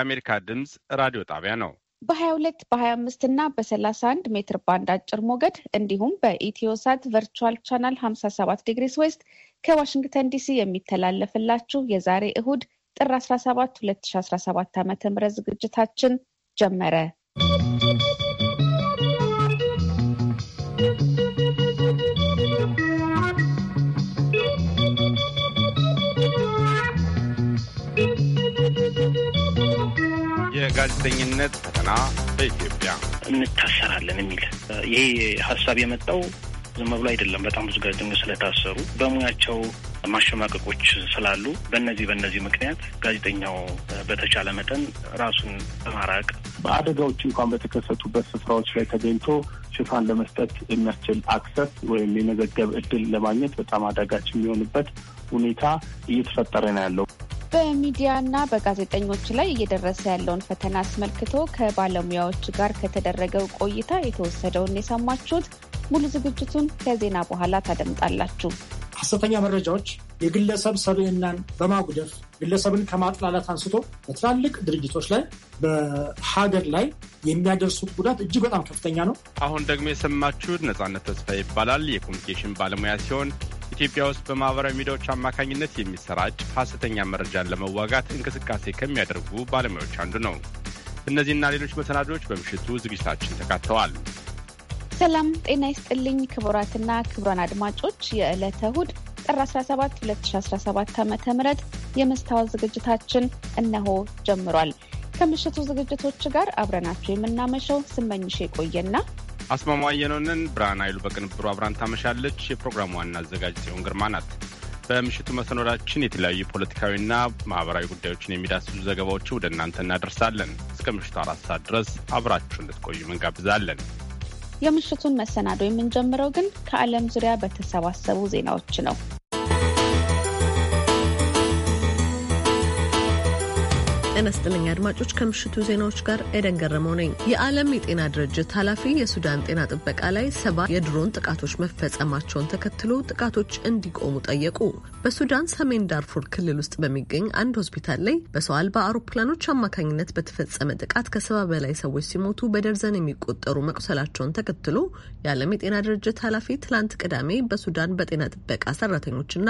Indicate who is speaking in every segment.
Speaker 1: የአሜሪካ ድምፅ ራዲዮ ጣቢያ ነው።
Speaker 2: በ22 በ25 እና በ31 ሜትር ባንድ አጭር ሞገድ እንዲሁም በኢትዮሳት ቨርቹዋል ቻናል 57 ዲግሪስ ዌስት ከዋሽንግተን ዲሲ የሚተላለፍላችሁ የዛሬ እሁድ ጥር 17 2017 ዓ ም ዝግጅታችን ጀመረ።
Speaker 3: የስደተኝነት ፈተና በኢትዮጵያ እንታሰራለን የሚል ይሄ ሀሳብ የመጣው ዝም ብሎ አይደለም። በጣም ብዙ ጋዜጠኞች ስለታሰሩ በሙያቸው ማሸማቀቆች ስላሉ በእነዚህ በእነዚህ ምክንያት ጋዜጠኛው በተቻለ መጠን ራሱን
Speaker 4: በማራቅ አደጋዎች እንኳን በተከሰቱበት ስፍራዎች ላይ ተገኝቶ ሽፋን ለመስጠት የሚያስችል አክሰስ ወይም የመዘገብ እድል ለማግኘት በጣም አዳጋች የሚሆንበት ሁኔታ እየተፈጠረ ነው ያለው።
Speaker 2: በሚዲያና በጋዜጠኞች ላይ እየደረሰ ያለውን ፈተና አስመልክቶ ከባለሙያዎች ጋር ከተደረገው ቆይታ የተወሰደውን የሰማችሁት። ሙሉ ዝግጅቱን ከዜና በኋላ ታደምጣላችሁ።
Speaker 5: ሐሰተኛ መረጃዎች የግለሰብ ሰብዕናን በማጉደፍ ግለሰብን ከማጥላላት አንስቶ በትላልቅ ድርጅቶች ላይ በሀገር ላይ የሚያደርሱት ጉዳት እጅግ በጣም ከፍተኛ ነው።
Speaker 1: አሁን ደግሞ የሰማችሁት ነጻነት ተስፋ ይባላል። የኮሚኒኬሽን ባለሙያ ሲሆን ኢትዮጵያ ውስጥ በማህበራዊ ሚዲያዎች አማካኝነት የሚሰራጭ ሐሰተኛ መረጃን ለመዋጋት እንቅስቃሴ ከሚያደርጉ ባለሙያዎች አንዱ ነው። እነዚህና ሌሎች መሰናዶዎች በምሽቱ ዝግጅታችን ተካተዋል።
Speaker 2: ሰላም ጤና ይስጥልኝ ክቡራትና ክቡራን አድማጮች የዕለተ እሁድ ጥር 17 2017 ዓ ም የመስታወት ዝግጅታችን እነሆ ጀምሯል። ከምሽቱ ዝግጅቶች ጋር አብረናቸው የምናመሸው ስመኝሽ የቆየና
Speaker 1: አስማማየነንን ብርሃን ኃይሉ በቅንብሩ አብራን ታመሻለች። የፕሮግራሙ ዋና አዘጋጅ ጽዮን ግርማ ናት። በምሽቱ መሰናዷችን የተለያዩ ፖለቲካዊና ማህበራዊ ጉዳዮችን የሚዳስሱ ዘገባዎች ወደ እናንተ እናደርሳለን። እስከ ምሽቱ አራት ሰዓት ድረስ አብራችሁ እንድትቆዩ እንጋብዛለን።
Speaker 2: የምሽቱን መሰናዶ የምንጀምረው ግን ከዓለም ዙሪያ በተሰባሰቡ ዜናዎች ነው።
Speaker 6: ጤና ስጥልኝ አድማጮች፣ ከምሽቱ ዜናዎች ጋር ኤደን ገረመው ነኝ። የዓለም የጤና ድርጅት ኃላፊ የሱዳን ጤና ጥበቃ ላይ ሰባ የድሮን ጥቃቶች መፈጸማቸውን ተከትሎ ጥቃቶች እንዲቆሙ ጠየቁ። በሱዳን ሰሜን ዳርፉር ክልል ውስጥ በሚገኝ አንድ ሆስፒታል ላይ በሰው አልባ አውሮፕላኖች አማካኝነት በተፈጸመ ጥቃት ከሰባ በላይ ሰዎች ሲሞቱ በደርዘን የሚቆጠሩ መቁሰላቸውን ተከትሎ የዓለም የጤና ድርጅት ኃላፊ ትላንት ቅዳሜ በሱዳን በጤና ጥበቃ ሰራተኞችና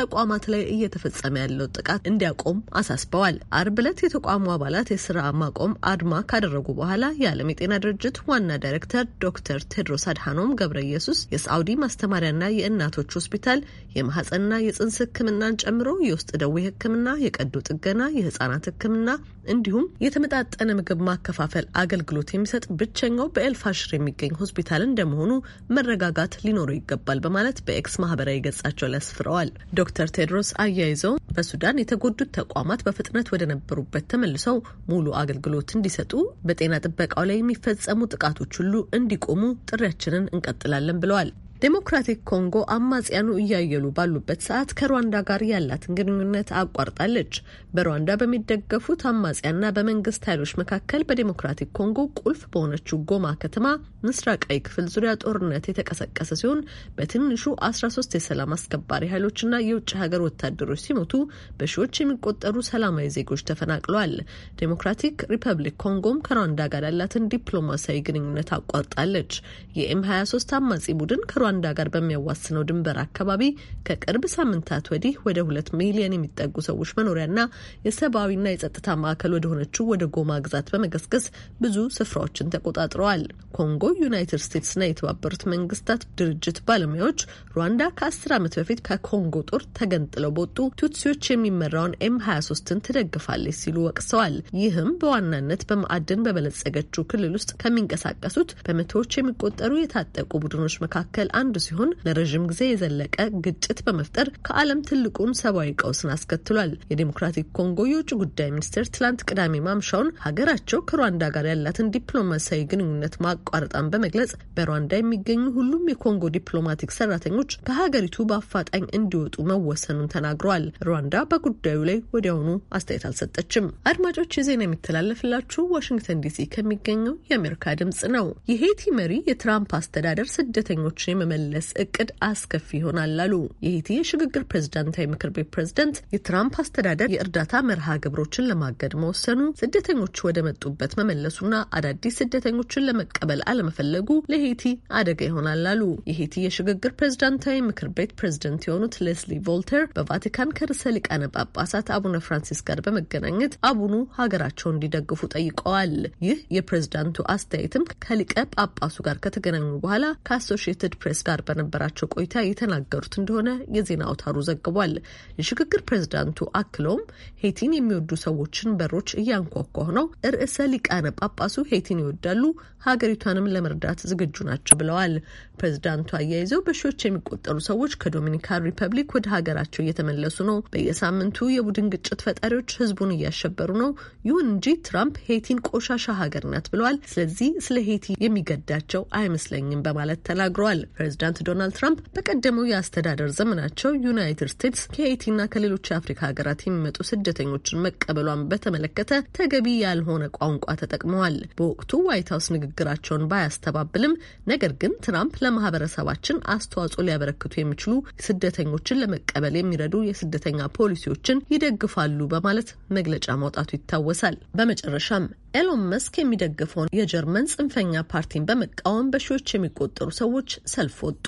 Speaker 6: ተቋማት ላይ እየተፈጸመ ያለው ጥቃት እንዲያቆም አሳስበዋል። አርብ ዕለት የተቋሙ አባላት የስራ ማቆም አድማ ካደረጉ በኋላ የዓለም የጤና ድርጅት ዋና ዳይሬክተር ዶክተር ቴድሮስ አድሃኖም ገብረ ኢየሱስ የሳውዲ ማስተማሪያና የእናቶች ሆስፒታል የማህፀንና የጽንስ ህክምናን ጨምሮ የውስጥ ደዌ ህክምና፣ የቀዶ ጥገና፣ የህጻናት ህክምና እንዲሁም የተመጣጠነ ምግብ ማከፋፈል አገልግሎት የሚሰጥ ብቸኛው በኤልፋሽር የሚገኝ ሆስፒታል እንደመሆኑ መረጋጋት ሊኖረው ይገባል በማለት በኤክስ ማህበራዊ ገጻቸው ላይ አስፍረዋል። ዶክተር ቴድሮስ አያይዘው በሱዳን የተጎዱት ተቋማት በፍጥነት ወደ ነበሩበት ተመልሰው ሙሉ አገልግሎት እንዲሰጡ በጤና ጥበቃው ላይ የሚፈጸሙ ጥቃቶች ሁሉ እንዲቆሙ ጥሪያችንን እንቀጥላለን ብለዋል። ዴሞክራቲክ ኮንጎ አማጽያኑ እያየሉ ባሉበት ሰዓት ከሩዋንዳ ጋር ያላትን ግንኙነት አቋርጣለች። በሩዋንዳ በሚደገፉት አማጽያና በመንግስት ኃይሎች መካከል በዴሞክራቲክ ኮንጎ ቁልፍ በሆነችው ጎማ ከተማ ምስራቃዊ ክፍል ዙሪያ ጦርነት የተቀሰቀሰ ሲሆን በትንሹ 13 የሰላም አስከባሪ ኃይሎችና የውጭ ሀገር ወታደሮች ሲሞቱ በሺዎች የሚቆጠሩ ሰላማዊ ዜጎች ተፈናቅለዋል። ዴሞክራቲክ ሪፐብሊክ ኮንጎም ከሩዋንዳ ጋር ያላትን ዲፕሎማሲያዊ ግንኙነት አቋርጣለች። የኤም 23 አማጺ ቡድን ከሩዋንዳ ጋር በሚያዋስነው ድንበር አካባቢ ከቅርብ ሳምንታት ወዲህ ወደ ሁለት ሚሊዮን የሚጠጉ ሰዎች መኖሪያና የሰብአዊና የጸጥታ ማዕከል ወደ ሆነችው ወደ ጎማ ግዛት በመገስገስ ብዙ ስፍራዎችን ተቆጣጥረዋል። ኮንጎ ዩናይትድ ስቴትስና የተባበሩት መንግስታት ድርጅት ባለሙያዎች ሩዋንዳ ከአስር ዓመት በፊት ከኮንጎ ጦር ተገንጥለው በወጡ ቱትሲዎች የሚመራውን ኤም 23ን ትደግፋለች ሲሉ ወቅሰዋል። ይህም በዋናነት በማዕድን በበለጸገችው ክልል ውስጥ ከሚንቀሳቀሱት በመቶዎች የሚቆጠሩ የታጠቁ ቡድኖች መካከል አንዱ ሲሆን ለረዥም ጊዜ የዘለቀ ግጭት በመፍጠር ከዓለም ትልቁን ሰብአዊ ቀውስን አስከትሏል። የዴሞክራቲክ ኮንጎ የውጭ ጉዳይ ሚኒስቴር ትላንት ቅዳሜ ማምሻውን ሀገራቸው ከሩዋንዳ ጋር ያላትን ዲፕሎማሲያዊ ግንኙነት ማቋረጣን በመግለጽ በሩዋንዳ የሚገኙ ሁሉም የኮንጎ ዲፕሎማቲክ ሰራተኞች ከሀገሪቱ በአፋጣኝ እንዲወጡ መወሰኑን ተናግረዋል። ሩዋንዳ በጉዳዩ ላይ ወዲያውኑ አስተያየት አልሰጠችም። አድማጮች የዜና የሚተላለፍላችሁ ዋሽንግተን ዲሲ ከሚገኘው የአሜሪካ ድምጽ ነው። የሄይቲ መሪ የትራምፕ አስተዳደር ስደተኞችን የመመለስ እቅድ አስከፊ ይሆናል አሉ። የሄቲ የሽግግር ፕሬዝዳንታዊ ምክር ቤት ፕሬዝደንት የትራምፕ አስተዳደር የእርዳታ መርሃ ግብሮችን ለማገድ መወሰኑ ስደተኞቹ ወደ መጡበት መመለሱና አዳዲስ ስደተኞችን ለመቀበል አለመፈለጉ ለሄቲ አደጋ ይሆናል አሉ። የሄቲ የሽግግር ፕሬዝዳንታዊ ምክር ቤት ፕሬዝደንት የሆኑት ሌስሊ ቮልተር በቫቲካን ከርሰ ሊቃነ ጳጳሳት አቡነ ፍራንሲስ ጋር በመገናኘት አቡኑ ሀገራቸውን እንዲደግፉ ጠይቀዋል። ይህ የፕሬዝዳንቱ አስተያየትም ከሊቀ ጳጳሱ ጋር ከተገናኙ በኋላ ከአሶሺየትድ ፕሬስ መንግስት ጋር በነበራቸው ቆይታ የተናገሩት እንደሆነ የዜና አውታሩ ዘግቧል። የሽግግር ፕሬዝዳንቱ አክለውም ሄቲን የሚወዱ ሰዎችን በሮች እያንኳኳ ነው። ርዕሰ ሊቃነ ጳጳሱ ሄቲን ይወዳሉ፣ ሀገሪቷንም ለመርዳት ዝግጁ ናቸው ብለዋል። ፕሬዝዳንቱ አያይዘው በሺዎች የሚቆጠሩ ሰዎች ከዶሚኒካን ሪፐብሊክ ወደ ሀገራቸው እየተመለሱ ነው። በየሳምንቱ የቡድን ግጭት ፈጣሪዎች ህዝቡን እያሸበሩ ነው። ይሁን እንጂ ትራምፕ ሄቲን ቆሻሻ ሀገር ናት ብለዋል። ስለዚህ ስለ ሄቲ የሚገዳቸው አይመስለኝም በማለት ተናግረዋል። ፕሬዚዳንት ዶናልድ ትራምፕ በቀደመው የአስተዳደር ዘመናቸው ዩናይትድ ስቴትስ ከሄይቲና ከሌሎች የአፍሪካ ሀገራት የሚመጡ ስደተኞችን መቀበሏን በተመለከተ ተገቢ ያልሆነ ቋንቋ ተጠቅመዋል። በወቅቱ ዋይት ሀውስ ንግግራቸውን ባያስተባብልም፣ ነገር ግን ትራምፕ ለማህበረሰባችን አስተዋጽኦ ሊያበረክቱ የሚችሉ ስደተኞችን ለመቀበል የሚረዱ የስደተኛ ፖሊሲዎችን ይደግፋሉ በማለት መግለጫ ማውጣቱ ይታወሳል። በመጨረሻም ኤሎን መስክ የሚደግፈውን የጀርመን ጽንፈኛ ፓርቲን በመቃወም በሺዎች የሚቆጠሩ ሰዎች ሰልፍ ወጡ።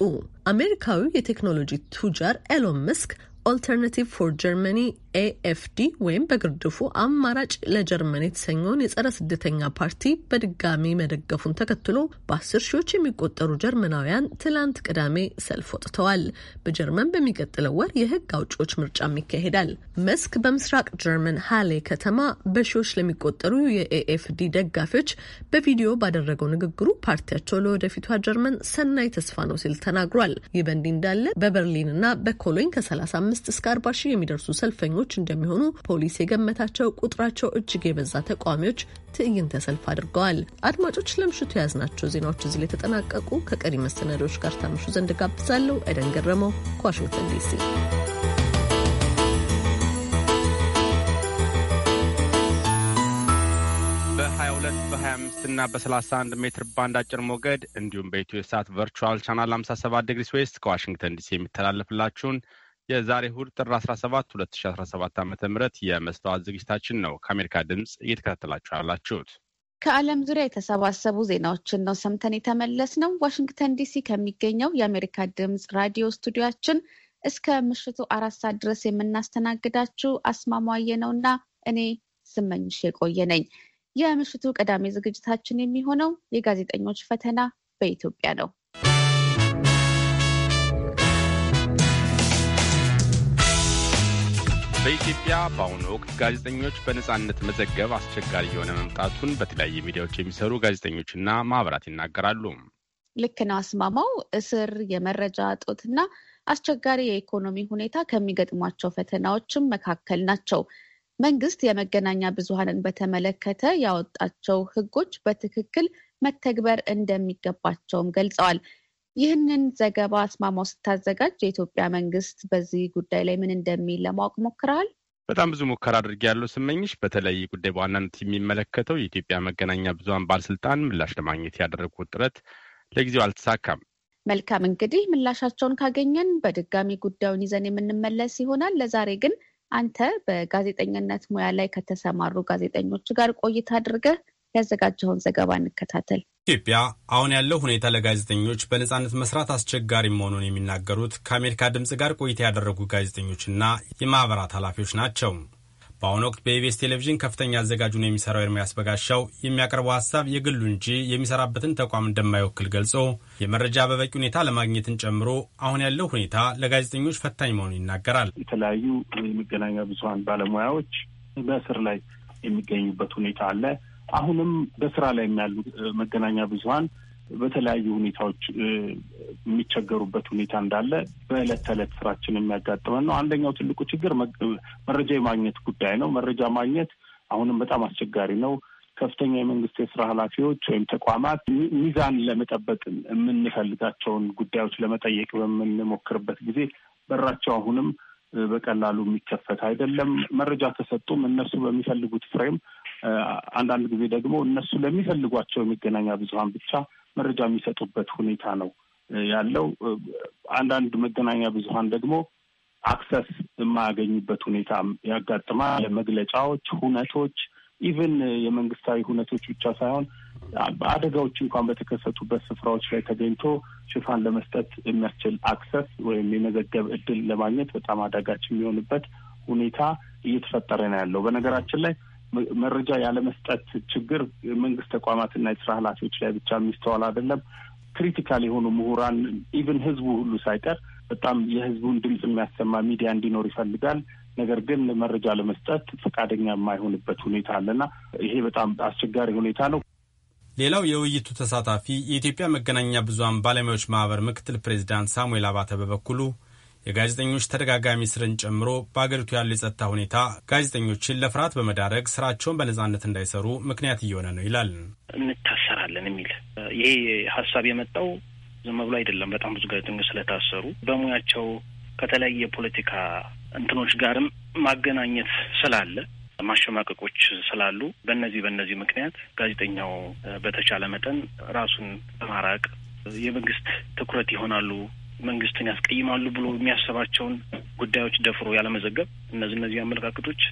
Speaker 6: አሜሪካዊው የቴክኖሎጂ ቱጃር ኤሎን መስክ ኦልተርናቲቭ ፎር ጀርመኒ ኤኤፍዲ ወይም በግርድፉ አማራጭ ለጀርመን የተሰኘውን የጸረ ስደተኛ ፓርቲ በድጋሚ መደገፉን ተከትሎ በአስር ሺዎች የሚቆጠሩ ጀርመናውያን ትላንት ቅዳሜ ሰልፍ ወጥተዋል። በጀርመን በሚቀጥለው ወር የህግ አውጪዎች ምርጫም ይካሄዳል። መስክ በምስራቅ ጀርመን ሃሌ ከተማ በሺዎች ለሚቆጠሩ የኤኤፍዲ ደጋፊዎች በቪዲዮ ባደረገው ንግግሩ ፓርቲያቸው ለወደፊቷ ጀርመን ሰናይ ተስፋ ነው ሲል ተናግሯል። ይህ በእንዲህ እንዳለ በበርሊንና በኮሎኝ ከ35 አምስት እስከ አርባ ሺህ የሚደርሱ ሰልፈኞች እንደሚሆኑ ፖሊስ የገመታቸው ቁጥራቸው እጅግ የበዛ ተቃዋሚዎች ትዕይንተ ሰልፍ አድርገዋል። አድማጮች፣ ለምሽቱ የያዝናቸው ዜናዎች እዚህ ላይ ተጠናቀቁ። ከቀሪ መሰናዶዎች ጋር ታምሹ ዘንድ ጋብዛለሁ። ኤደን ገረመው ከዋሽንግተን ዲሲ
Speaker 1: በ22 በ25 እና በ31 ሜትር ባንድ አጭር ሞገድ እንዲሁም በኢትዮ ሳት ቨርቹዋል ቻናል 57 ዲግሪ ስዌስት ከዋሽንግተን ዲሲ የሚተላለፍላችሁን የዛሬ እሁድ ጥር 17 2017 ዓ ም የመስተዋት ዝግጅታችን ነው ከአሜሪካ ድምፅ እየተከታተላችሁ ያላችሁት።
Speaker 2: ከዓለም ዙሪያ የተሰባሰቡ ዜናዎችን ነው ሰምተን የተመለስ ነው። ዋሽንግተን ዲሲ ከሚገኘው የአሜሪካ ድምፅ ራዲዮ ስቱዲዮችን እስከ ምሽቱ አራት ሰዓት ድረስ የምናስተናግዳችሁ አስማማየ እና እኔ ስመኝሽ የቆየ ነኝ። የምሽቱ ቀዳሚ ዝግጅታችን የሚሆነው የጋዜጠኞች ፈተና በኢትዮጵያ ነው።
Speaker 1: በኢትዮጵያ በአሁኑ ወቅት ጋዜጠኞች በነፃነት መዘገብ አስቸጋሪ የሆነ መምጣቱን በተለያየ ሚዲያዎች የሚሰሩ ጋዜጠኞችና ማህበራት ይናገራሉ።
Speaker 2: ልክ ነው አስማማው። እስር፣ የመረጃ እና አስቸጋሪ የኢኮኖሚ ሁኔታ ከሚገጥሟቸው ፈተናዎችም መካከል ናቸው። መንግስት የመገናኛ ብዙሀንን በተመለከተ ያወጣቸው ህጎች በትክክል መተግበር እንደሚገባቸውም ገልጸዋል። ይህንን ዘገባ አስማማው ስታዘጋጅ የኢትዮጵያ መንግስት በዚህ ጉዳይ ላይ ምን እንደሚል ለማወቅ ሞክረሃል?
Speaker 1: በጣም ብዙ ሙከራ አድርጌ ያለው ስመኝሽ፣ በተለይ ጉዳይ በዋናነት የሚመለከተው የኢትዮጵያ መገናኛ ብዙሀን ባለስልጣን ምላሽ ለማግኘት ያደረግኩት ጥረት ለጊዜው አልተሳካም።
Speaker 2: መልካም እንግዲህ ምላሻቸውን ካገኘን በድጋሚ ጉዳዩን ይዘን የምንመለስ ይሆናል። ለዛሬ ግን አንተ በጋዜጠኝነት ሙያ ላይ ከተሰማሩ ጋዜጠኞች ጋር ቆይታ አድርገህ ያዘጋጀውን ዘገባ እንከታተል።
Speaker 1: ኢትዮጵያ አሁን ያለው ሁኔታ ለጋዜጠኞች በነጻነት መስራት አስቸጋሪ መሆኑን የሚናገሩት ከአሜሪካ ድምፅ ጋር ቆይታ ያደረጉ ጋዜጠኞችና የማኅበራት ኃላፊዎች ናቸው። በአሁኑ ወቅት በኢቢኤስ ቴሌቪዥን ከፍተኛ አዘጋጁ ነው የሚሠራው ኤርሚያስ በጋሻው የሚያቀርበው ሀሳብ የግሉ እንጂ የሚሠራበትን ተቋም እንደማይወክል ገልጾ የመረጃ በበቂ ሁኔታ ለማግኘትን ጨምሮ አሁን ያለው ሁኔታ ለጋዜጠኞች ፈታኝ መሆኑን ይናገራል።
Speaker 4: የተለያዩ የመገናኛ ብዙኃን ባለሙያዎች በእስር ላይ የሚገኙበት ሁኔታ አለ። አሁንም በስራ ላይ ያሉ መገናኛ ብዙሀን በተለያዩ ሁኔታዎች የሚቸገሩበት ሁኔታ እንዳለ በዕለት ተዕለት ስራችን የሚያጋጥመን ነው። አንደኛው ትልቁ ችግር መረጃ የማግኘት ጉዳይ ነው። መረጃ ማግኘት አሁንም በጣም አስቸጋሪ ነው። ከፍተኛ የመንግስት የስራ ኃላፊዎች ወይም ተቋማት ሚዛን ለመጠበቅ የምንፈልጋቸውን ጉዳዮች ለመጠየቅ በምንሞክርበት ጊዜ በራቸው አሁንም በቀላሉ የሚከፈት አይደለም። መረጃ ተሰጡም እነሱ በሚፈልጉት ፍሬም፣ አንዳንድ ጊዜ ደግሞ እነሱ ለሚፈልጓቸው የመገናኛ ብዙኃን ብቻ መረጃ የሚሰጡበት ሁኔታ ነው ያለው። አንዳንድ መገናኛ ብዙኃን ደግሞ አክሰስ የማያገኙበት ሁኔታ ያጋጥማል። መግለጫዎች፣ ሁነቶች ኢቨን የመንግስታዊ ሁነቶች ብቻ ሳይሆን አደጋዎች እንኳን በተከሰቱበት ስፍራዎች ላይ ተገኝቶ ሽፋን ለመስጠት የሚያስችል አክሰስ ወይም የመዘገብ እድል ለማግኘት በጣም አዳጋች የሚሆንበት ሁኔታ እየተፈጠረ ነው ያለው። በነገራችን ላይ መረጃ ያለመስጠት ችግር መንግስት ተቋማትና የስራ ኃላፊዎች ላይ ብቻ የሚስተዋል አይደለም። ክሪቲካል የሆኑ ምሁራን ኢቨን ህዝቡ ሁሉ ሳይቀር በጣም የህዝቡን ድምፅ የሚያሰማ ሚዲያ እንዲኖር ይፈልጋል። ነገር ግን መረጃ ለመስጠት ፈቃደኛ የማይሆንበት ሁኔታ አለና ይሄ በጣም አስቸጋሪ ሁኔታ ነው።
Speaker 1: ሌላው የውይይቱ ተሳታፊ የኢትዮጵያ መገናኛ ብዙሀን ባለሙያዎች ማህበር ምክትል ፕሬዚዳንት ሳሙኤል አባተ በበኩሉ የጋዜጠኞች ተደጋጋሚ ስርን ጨምሮ በአገሪቱ ያሉ የጸጥታ ሁኔታ ጋዜጠኞችን ለፍርሃት በመዳረግ ስራቸውን በነጻነት እንዳይሰሩ ምክንያት እየሆነ ነው ይላል።
Speaker 3: እንታሰራለን የሚል ይሄ ሀሳብ የመጣው ዝም ብሎ አይደለም። በጣም ብዙ ጋዜጠኞች ስለታሰሩ በሙያቸው ከተለያየ የፖለቲካ እንትኖች ጋርም ማገናኘት ስላለ ማሸማቀቆች ስላሉ በእነዚህ በእነዚህ ምክንያት ጋዜጠኛው በተቻለ መጠን ራሱን በማራቅ የመንግስት ትኩረት ይሆናሉ፣ መንግስትን ያስቀይማሉ ብሎ የሚያስባቸውን ጉዳዮች ደፍሮ ያለመዘገብ እነዚህ እነዚህ አመለካከቶች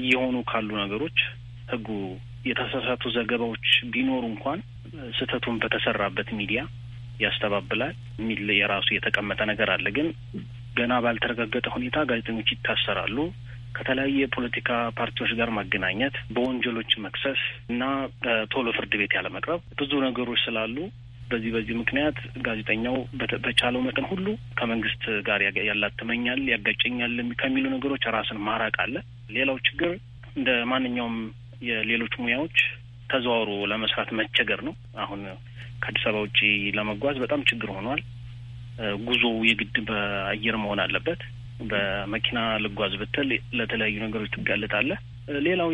Speaker 3: እየሆኑ ካሉ ነገሮች ህጉ የተሳሳቱ ዘገባዎች ቢኖሩ እንኳን ስህተቱን በተሰራበት ሚዲያ ያስተባብላል የሚል የራሱ የተቀመጠ ነገር አለ ግን ገና ባልተረጋገጠ ሁኔታ ጋዜጠኞች ይታሰራሉ። ከተለያዩ የፖለቲካ ፓርቲዎች ጋር ማገናኘት፣ በወንጀሎች መክሰስ እና ቶሎ ፍርድ ቤት ያለመቅረብ ብዙ ነገሮች ስላሉ በዚህ በዚህ ምክንያት ጋዜጠኛው በቻለው መጠን ሁሉ ከመንግስት ጋር ያላትመኛል፣ ያጋጨኛል ከሚሉ ነገሮች ራስን ማራቅ አለ። ሌላው ችግር እንደ ማንኛውም የሌሎች ሙያዎች ተዘዋውሮ ለመስራት መቸገር ነው። አሁን ከአዲስ አበባ ውጪ ለመጓዝ በጣም ችግር ሆኗል። ጉዞ የግድ በአየር መሆን አለበት። በመኪና ልጓዝ ብትል ለተለያዩ ነገሮች ትጋለጣለህ። ሌላው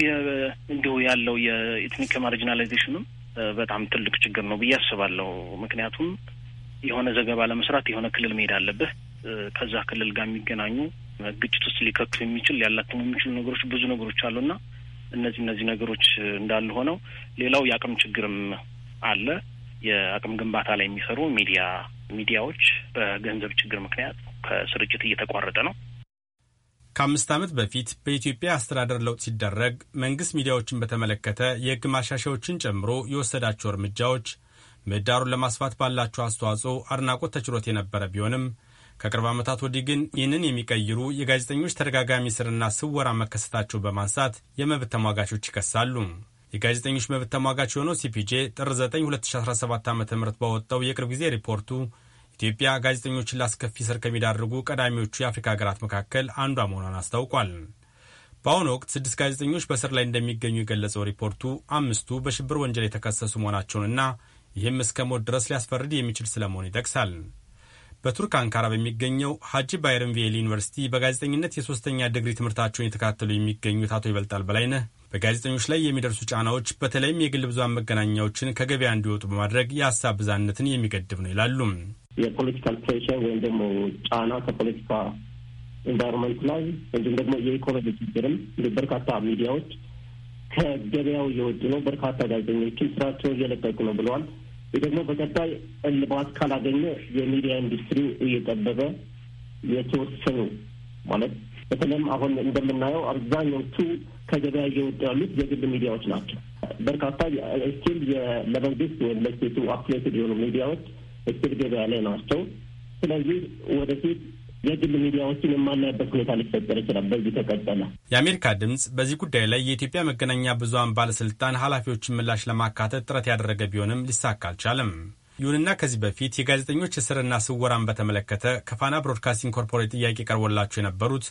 Speaker 3: እንዲሁ ያለው የኢትኒክ ማርጂናላይዜሽንም በጣም ትልቅ ችግር ነው ብዬ አስባለሁ። ምክንያቱም የሆነ ዘገባ ለመስራት የሆነ ክልል መሄድ አለብህ። ከዛ ክልል ጋር የሚገናኙ ግጭት ውስጥ ሊከቱ የሚችል ሊያላትሙ የሚችሉ ነገሮች ብዙ ነገሮች አሉና እነዚህ እነዚህ ነገሮች እንዳሉ ሆነው ሌላው የአቅም ችግርም አለ። የአቅም ግንባታ ላይ የሚሰሩ ሚዲያ ሚዲያዎች በገንዘብ ችግር ምክንያት ከስርጭት እየተቋረጠ ነው።
Speaker 1: ከአምስት ዓመት በፊት በኢትዮጵያ አስተዳደር ለውጥ ሲደረግ መንግሥት ሚዲያዎችን በተመለከተ የሕግ ማሻሻዎችን ጨምሮ የወሰዳቸው እርምጃዎች ምህዳሩን ለማስፋት ባላቸው አስተዋጽኦ አድናቆት ተችሎት የነበረ ቢሆንም ከቅርብ ዓመታት ወዲህ ግን ይህንን የሚቀይሩ የጋዜጠኞች ተደጋጋሚ ስርና ስወራ መከሰታቸው በማንሳት የመብት ተሟጋቾች ይከሳሉ። የጋዜጠኞች መብት ተሟጋች የሆነው ሲፒጄ ጥር 9 2017 ዓ ም ባወጣው የቅርብ ጊዜ ሪፖርቱ ኢትዮጵያ ጋዜጠኞችን ላስከፊ ስር ከሚዳርጉ ቀዳሚዎቹ የአፍሪካ ሀገራት መካከል አንዷ መሆኗን አስታውቋል። በአሁኑ ወቅት ስድስት ጋዜጠኞች በስር ላይ እንደሚገኙ የገለጸው ሪፖርቱ አምስቱ በሽብር ወንጀል የተከሰሱ መሆናቸውንና ይህም እስከ ሞት ድረስ ሊያስፈርድ የሚችል ስለመሆኑ ይጠቅሳል። በቱርክ አንካራ በሚገኘው ሀጂ ቪኤል ዩኒቨርሲቲ በጋዜጠኝነት የሶስተኛ ዲግሪ ትምህርታቸውን የተካተሉ የሚገኙት አቶ ይበልጣል በላይነህ በጋዜጠኞች ላይ የሚደርሱ ጫናዎች በተለይም የግል ብዙሃን መገናኛዎችን ከገበያ እንዲወጡ በማድረግ የሀሳብ ብዛነትን የሚገድብ
Speaker 4: ነው ይላሉ። የፖለቲካል ፕሬሽር ወይም ደግሞ ጫና ከፖለቲካ ኢንቫይሮንመንት ላይ እንዲሁም ደግሞ የኢኮኖሚ ችግርም በርካታ ሚዲያዎች ከገበያው እየወጡ ነው፣ በርካታ ጋዜጠኞችም ስራቸው እየለቀቁ ነው ብለዋል። ይህ ደግሞ በቀጣይ እልባት ካላገኘ የሚዲያ ኢንዱስትሪ እየጠበበ የተወሰኑ ማለት በተለይም አሁን እንደምናየው አብዛኞቹ ከገበያ እየወጡ ያሉት የግል ሚዲያዎች ናቸው። በርካታ ስቲል ለመንግስት ወይም ለሴቱ አፕሌትድ የሆኑ ሚዲያዎች ስቲል ገበያ ላይ ናቸው። ስለዚህ ወደፊት የግል ሚዲያዎችን የማናይበት
Speaker 7: ሁኔታ ሊፈጠር ይችላል። በዚህ ተቀጠለ።
Speaker 1: የአሜሪካ ድምፅ በዚህ ጉዳይ ላይ የኢትዮጵያ መገናኛ ብዙሀን ባለስልጣን ኃላፊዎችን ምላሽ ለማካተት ጥረት ያደረገ ቢሆንም ሊሳካ አልቻለም። ይሁንና ከዚህ በፊት የጋዜጠኞች እስርና ስወራን በተመለከተ ከፋና ብሮድካስቲንግ ኮርፖሬት ጥያቄ ቀርቦላቸው የነበሩት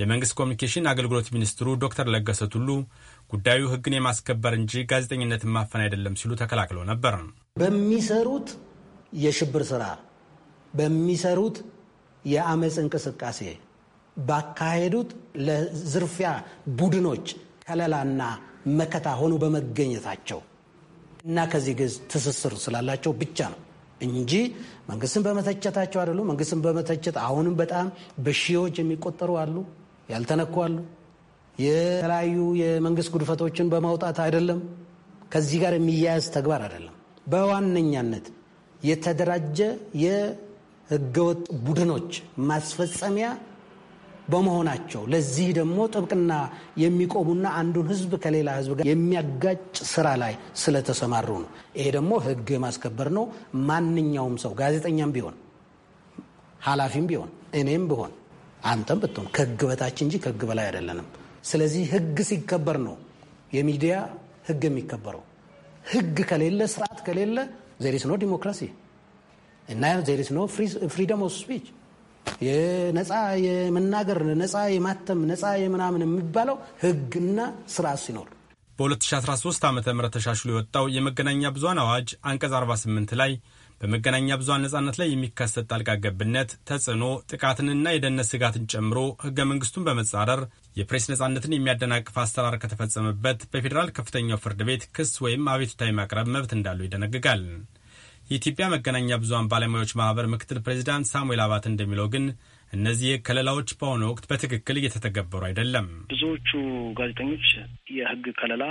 Speaker 1: የመንግስት ኮሚኒኬሽን አገልግሎት ሚኒስትሩ ዶክተር ለገሰ ቱሉ ጉዳዩ ህግን የማስከበር እንጂ ጋዜጠኝነትን ማፈን አይደለም ሲሉ ተከላክለው ነበር።
Speaker 8: በሚሰሩት የሽብር ስራ፣ በሚሰሩት የአመፅ እንቅስቃሴ፣ ባካሄዱት ለዝርፊያ ቡድኖች ከለላና መከታ ሆኖ በመገኘታቸው እና ከዚህ ግዝ ትስስር ስላላቸው ብቻ ነው እንጂ መንግስትን በመተቸታቸው አይደሉም። መንግስትን በመተቸት አሁንም በጣም በሺዎች የሚቆጠሩ አሉ። ያልተነኳሉ የተለያዩ የመንግስት ጉድፈቶችን በማውጣት አይደለም። ከዚህ ጋር የሚያያዝ ተግባር አይደለም። በዋነኛነት የተደራጀ የህገወጥ ቡድኖች ማስፈጸሚያ በመሆናቸው ለዚህ ደግሞ ጥብቅና የሚቆሙና አንዱን ህዝብ ከሌላ ህዝብ ጋር የሚያጋጭ ስራ ላይ ስለተሰማሩ ነው። ይሄ ደግሞ ህግ ማስከበር ነው። ማንኛውም ሰው ጋዜጠኛም ቢሆን ኃላፊም ቢሆን እኔም ቢሆን አንተም ብትሆን ከህግ በታች እንጂ ከህግ በላይ አይደለንም። ስለዚህ ህግ ሲከበር ነው የሚዲያ ህግ የሚከበረው። ህግ ከሌለ፣ ስርዓት ከሌለ ዜሪስ ኖ ዲሞክራሲ እና ዜሪስ ኖ ፍሪደም ኦፍ ስፒች ነፃ የመናገር ነፃ የማተም ነፃ የምናምን የሚባለው ህግና ስርዓት ሲኖር
Speaker 1: በ2013 ዓ ም ተሻሽሎ የወጣው የመገናኛ ብዙሃን አዋጅ አንቀጽ 48 ላይ በመገናኛ ብዙሃን ነጻነት ላይ የሚከሰት ጣልቃ ገብነት ተጽዕኖ፣ ጥቃትንና የደህንነት ስጋትን ጨምሮ ህገ መንግስቱን በመጻረር የፕሬስ ነጻነትን የሚያደናቅፍ አሰራር ከተፈጸመበት በፌዴራል ከፍተኛው ፍርድ ቤት ክስ ወይም አቤቱታዊ ማቅረብ መብት እንዳለው ይደነግጋል። የኢትዮጵያ መገናኛ ብዙሃን ባለሙያዎች ማህበር ምክትል ፕሬዚዳንት ሳሙኤል አባት እንደሚለው ግን እነዚህ ከለላዎች በአሁኑ ወቅት በትክክል እየተተገበሩ አይደለም።
Speaker 3: ብዙዎቹ ጋዜጠኞች የህግ ከለላ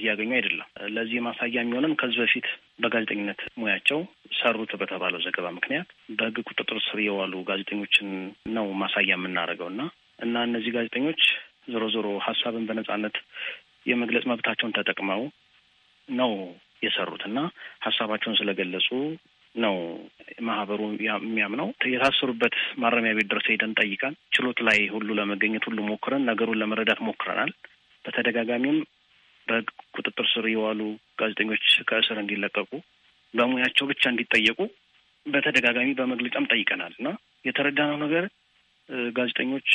Speaker 3: እያገኙ አይደለም። ለዚህ ማሳያ የሚሆንም ከዚህ በፊት በጋዜጠኝነት ሙያቸው ሰሩት በተባለው ዘገባ ምክንያት በህግ ቁጥጥር ስር የዋሉ ጋዜጠኞችን ነው ማሳያ የምናደርገው እና እና እነዚህ ጋዜጠኞች ዞሮ ዞሮ ሀሳብን በነጻነት የመግለጽ መብታቸውን ተጠቅመው ነው የሰሩት እና ሀሳባቸውን ስለገለጹ ነው ማህበሩ የሚያምነው። የታሰሩበት ማረሚያ ቤት ድረስ ሄደን ጠይቀን ችሎት ላይ ሁሉ ለመገኘት ሁሉ ሞክረን ነገሩን ለመረዳት ሞክረናል። በተደጋጋሚም በህግ ቁጥጥር ስር የዋሉ ጋዜጠኞች ከእስር እንዲለቀቁ በሙያቸው ብቻ እንዲጠየቁ በተደጋጋሚ በመግለጫም ጠይቀናል እና የተረዳነው ነገር ጋዜጠኞች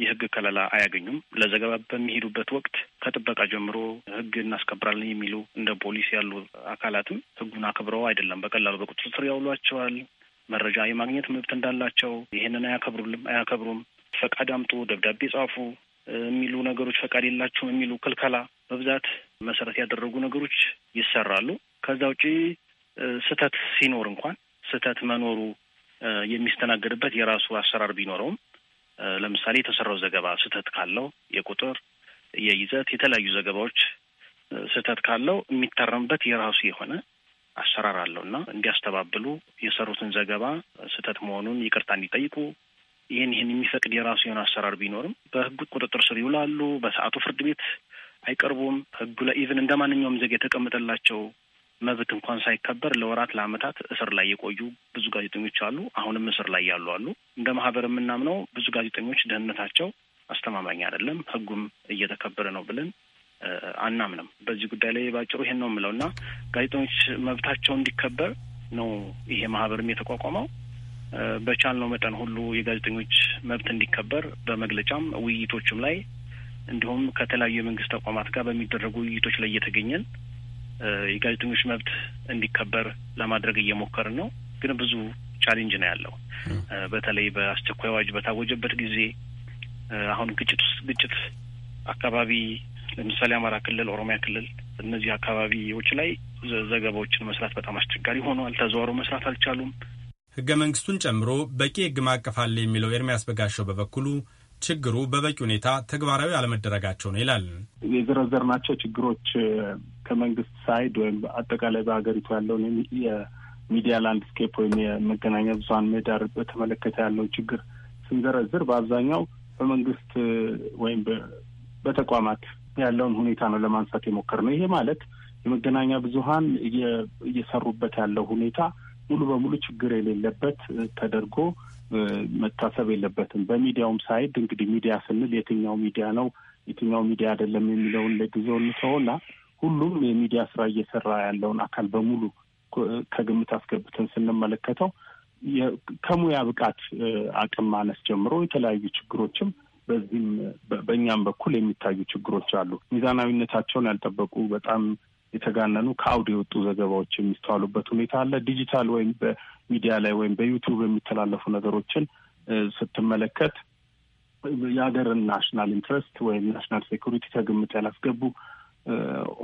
Speaker 3: የህግ ከለላ አያገኙም። ለዘገባ በሚሄዱበት ወቅት ከጥበቃ ጀምሮ ህግ እናስከብራለን የሚሉ እንደ ፖሊስ ያሉ አካላትም ህጉን አክብረው አይደለም በቀላሉ በቁጥጥር ስር ያውሏቸዋል። መረጃ የማግኘት መብት እንዳላቸው ይህንን አያከብሩልም አያከብሩም። ፈቃድ አምጡ፣ ደብዳቤ ጻፉ የሚሉ ነገሮች ፈቃድ የላቸውም የሚሉ ክልከላ በብዛት መሰረት ያደረጉ ነገሮች ይሰራሉ። ከዛ ውጪ ስህተት ሲኖር እንኳን ስህተት መኖሩ የሚስተናገድበት የራሱ አሰራር ቢኖረውም ለምሳሌ የተሰራው ዘገባ ስህተት ካለው የቁጥር የይዘት የተለያዩ ዘገባዎች ስህተት ካለው የሚታረምበት የራሱ የሆነ አሰራር አለው እና እንዲያስተባብሉ የሰሩትን ዘገባ ስህተት መሆኑን ይቅርታ እንዲጠይቁ ይህን ይህን የሚፈቅድ የራሱ የሆነ አሰራር ቢኖርም በህጉ ቁጥጥር ስር ይውላሉ። በሰዓቱ ፍርድ ቤት አይቀርቡም። ህጉ ላይ ኢቭን እንደ ማንኛውም ዜጋ የተቀመጠላቸው መብት እንኳን ሳይከበር ለወራት ለአመታት እስር ላይ የቆዩ ብዙ ጋዜጠኞች አሉ። አሁንም እስር ላይ ያሉ አሉ። እንደ ማህበር የምናምነው ብዙ ጋዜጠኞች ደህንነታቸው አስተማማኝ አይደለም፣ ህጉም እየተከበረ ነው ብለን አናምንም። በዚህ ጉዳይ ላይ ባጭሩ ይሄን ነው የምለው እና ጋዜጠኞች መብታቸው እንዲከበር ነው ይሄ ማህበርም የተቋቋመው። በቻልነው መጠን ሁሉ የጋዜጠኞች መብት እንዲከበር በመግለጫም ውይይቶችም ላይ እንዲሁም ከተለያዩ የመንግስት ተቋማት ጋር በሚደረጉ ውይይቶች ላይ እየተገኘን የጋዜጠኞች መብት እንዲከበር ለማድረግ እየሞከርን ነው። ግን ብዙ ቻሌንጅ ነው ያለው። በተለይ በአስቸኳይ አዋጅ በታወጀበት ጊዜ አሁን ግጭት ውስጥ ግጭት አካባቢ ለምሳሌ አማራ ክልል፣ ኦሮሚያ ክልል እነዚህ አካባቢዎች ላይ ዘገባዎችን መስራት በጣም አስቸጋሪ ሆኗል። ተዘዋሮ መስራት አልቻሉም።
Speaker 1: ህገ መንግስቱን ጨምሮ በቂ ህግ ማዕቀፍ አለ የሚለው ኤርሚያስ በጋሻው በበኩሉ ችግሩ በበቂ ሁኔታ ተግባራዊ አለመደረጋቸው ነው ይላል።
Speaker 4: የዘረዘርናቸው ችግሮች ከመንግስት ሳይድ ወይም አጠቃላይ በሀገሪቱ ያለውን የሚዲያ ላንድስኬፕ ወይም የመገናኛ ብዙሀን ምህዳር በተመለከተ ያለውን ችግር ስንዘረዝር በአብዛኛው በመንግስት ወይም በተቋማት ያለውን ሁኔታ ነው ለማንሳት ነው ይሄ ማለት የመገናኛ ብዙሀን እየሰሩበት ያለው ሁኔታ ሙሉ በሙሉ ችግር የሌለበት ተደርጎ መታሰብ የለበትም። በሚዲያውም ሳይድ እንግዲህ ሚዲያ ስንል የትኛው ሚዲያ ነው የትኛው ሚዲያ አይደለም የሚለውን ለጊዜው እንተውና ሁሉም የሚዲያ ስራ እየሰራ ያለውን አካል በሙሉ ከግምት አስገብተን ስንመለከተው ከሙያ ብቃት አቅም ማነስ ጀምሮ የተለያዩ ችግሮችም በዚህም በእኛም በኩል የሚታዩ ችግሮች አሉ። ሚዛናዊነታቸውን ያልጠበቁ በጣም የተጋነኑ ከአውድ የወጡ ዘገባዎች የሚስተዋሉበት ሁኔታ አለ። ዲጂታል ወይም በሚዲያ ላይ ወይም በዩቱብ የሚተላለፉ ነገሮችን ስትመለከት የሀገርን ናሽናል ኢንትረስት ወይም ናሽናል ሴኩሪቲ ከግምት ያላስገቡ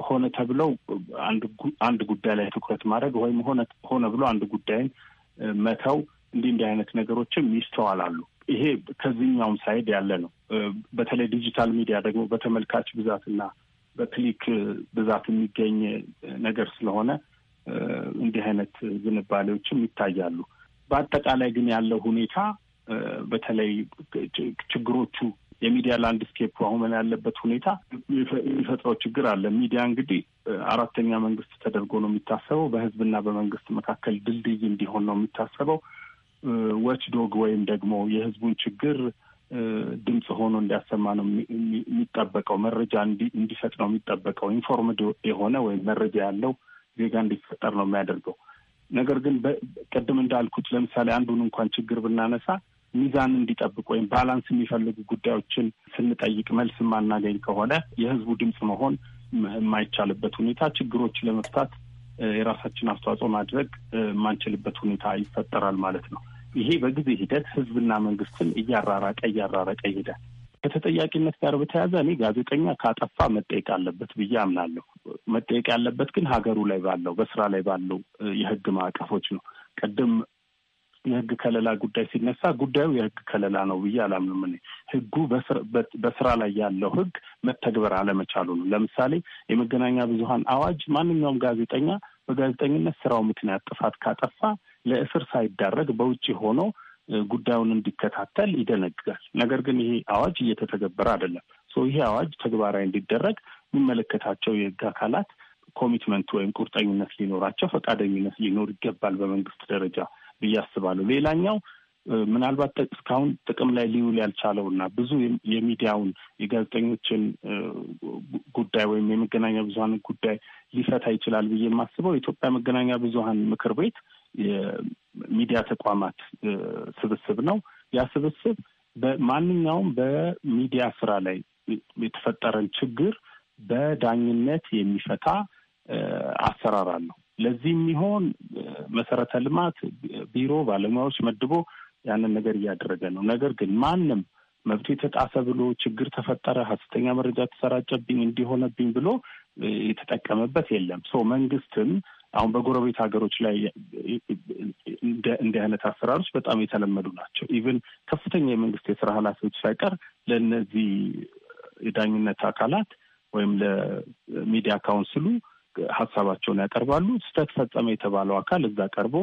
Speaker 4: ሆነ ተብለው አንድ ጉዳይ ላይ ትኩረት ማድረግ ወይም ሆነ ብሎ አንድ ጉዳይን መተው እንዲህ እንዲህ አይነት ነገሮችም ይስተዋላሉ። ይሄ ከዚህኛውም ሳይድ ያለ ነው። በተለይ ዲጂታል ሚዲያ ደግሞ በተመልካች ብዛትና በክሊክ ብዛት የሚገኝ ነገር ስለሆነ እንዲህ አይነት ዝንባሌዎችም ይታያሉ። በአጠቃላይ ግን ያለው ሁኔታ በተለይ ችግሮቹ የሚዲያ ላንድስኬፕ አሁን ምን ያለበት ሁኔታ የሚፈጥረው ችግር አለ። ሚዲያ እንግዲህ አራተኛ መንግስት ተደርጎ ነው የሚታሰበው። በህዝብና በመንግስት መካከል ድልድይ እንዲሆን ነው የሚታሰበው። ወች ዶግ ወይም ደግሞ የህዝቡን ችግር ድምፅ ሆኖ እንዲያሰማ ነው የሚጠበቀው። መረጃ እንዲሰጥ ነው የሚጠበቀው። ኢንፎርምድ የሆነ ወይም መረጃ ያለው ዜጋ እንዲፈጠር ነው የሚያደርገው። ነገር ግን ቅድም እንዳልኩት ለምሳሌ አንዱን እንኳን ችግር ብናነሳ ሚዛን እንዲጠብቅ ወይም ባላንስ የሚፈልጉ ጉዳዮችን ስንጠይቅ መልስ የማናገኝ ከሆነ የህዝቡ ድምፅ መሆን የማይቻልበት ሁኔታ፣ ችግሮች ለመፍታት የራሳችን አስተዋጽኦ ማድረግ የማንችልበት ሁኔታ ይፈጠራል ማለት ነው። ይሄ በጊዜ ሂደት ህዝብና መንግስትን እያራራቀ እያራረቀ ይሄዳል። ከተጠያቂነት ጋር በተያያዘ እኔ ጋዜጠኛ ካጠፋ መጠየቅ አለበት ብዬ አምናለሁ። መጠየቅ ያለበት ግን ሀገሩ ላይ ባለው በስራ ላይ ባለው የህግ ማዕቀፎች ነው። ቅድም የህግ ከለላ ጉዳይ ሲነሳ ጉዳዩ የህግ ከለላ ነው ብዬ አላምንም። እኔ ህጉ በስራ ላይ ያለው ህግ መተግበር አለመቻሉ ነው። ለምሳሌ የመገናኛ ብዙሀን አዋጅ ማንኛውም ጋዜጠኛ በጋዜጠኝነት ስራው ምክንያት ጥፋት ካጠፋ ለእስር ሳይዳረግ በውጭ ሆኖ ጉዳዩን እንዲከታተል ይደነግጋል። ነገር ግን ይሄ አዋጅ እየተተገበረ አይደለም። ይሄ አዋጅ ተግባራዊ እንዲደረግ የሚመለከታቸው የህግ አካላት ኮሚትመንት ወይም ቁርጠኝነት ሊኖራቸው ፈቃደኝነት ሊኖር ይገባል በመንግስት ደረጃ። ብዬ አስባለሁ። ሌላኛው ምናልባት እስካሁን ጥቅም ላይ ሊውል ያልቻለው እና ብዙ የሚዲያውን የጋዜጠኞችን ጉዳይ ወይም የመገናኛ ብዙኃን ጉዳይ ሊፈታ ይችላል ብዬ የማስበው የኢትዮጵያ መገናኛ ብዙኃን ምክር ቤት የሚዲያ ተቋማት ስብስብ ነው። ያ ስብስብ በማንኛውም በሚዲያ ስራ ላይ የተፈጠረን ችግር በዳኝነት የሚፈታ አሰራር አለው። ለዚህ የሚሆን መሰረተ ልማት ቢሮ ባለሙያዎች መድቦ ያንን ነገር እያደረገ ነው። ነገር ግን ማንም መብቱ የተጣሰ ብሎ ችግር ተፈጠረ፣ ሀሰተኛ መረጃ ተሰራጨብኝ፣ እንዲሆነብኝ ብሎ የተጠቀመበት የለም። ሶ መንግስትም አሁን በጎረቤት ሀገሮች ላይ እንዲህ አይነት አሰራሮች በጣም የተለመዱ ናቸው። ኢቨን ከፍተኛ የመንግስት የስራ ኃላፊዎች ሳይቀር ለእነዚህ የዳኝነት አካላት ወይም ለሚዲያ ካውንስሉ ሀሳባቸውን ያቀርባሉ። ስህተት ፈጸመ የተባለው አካል እዛ ቀርቦ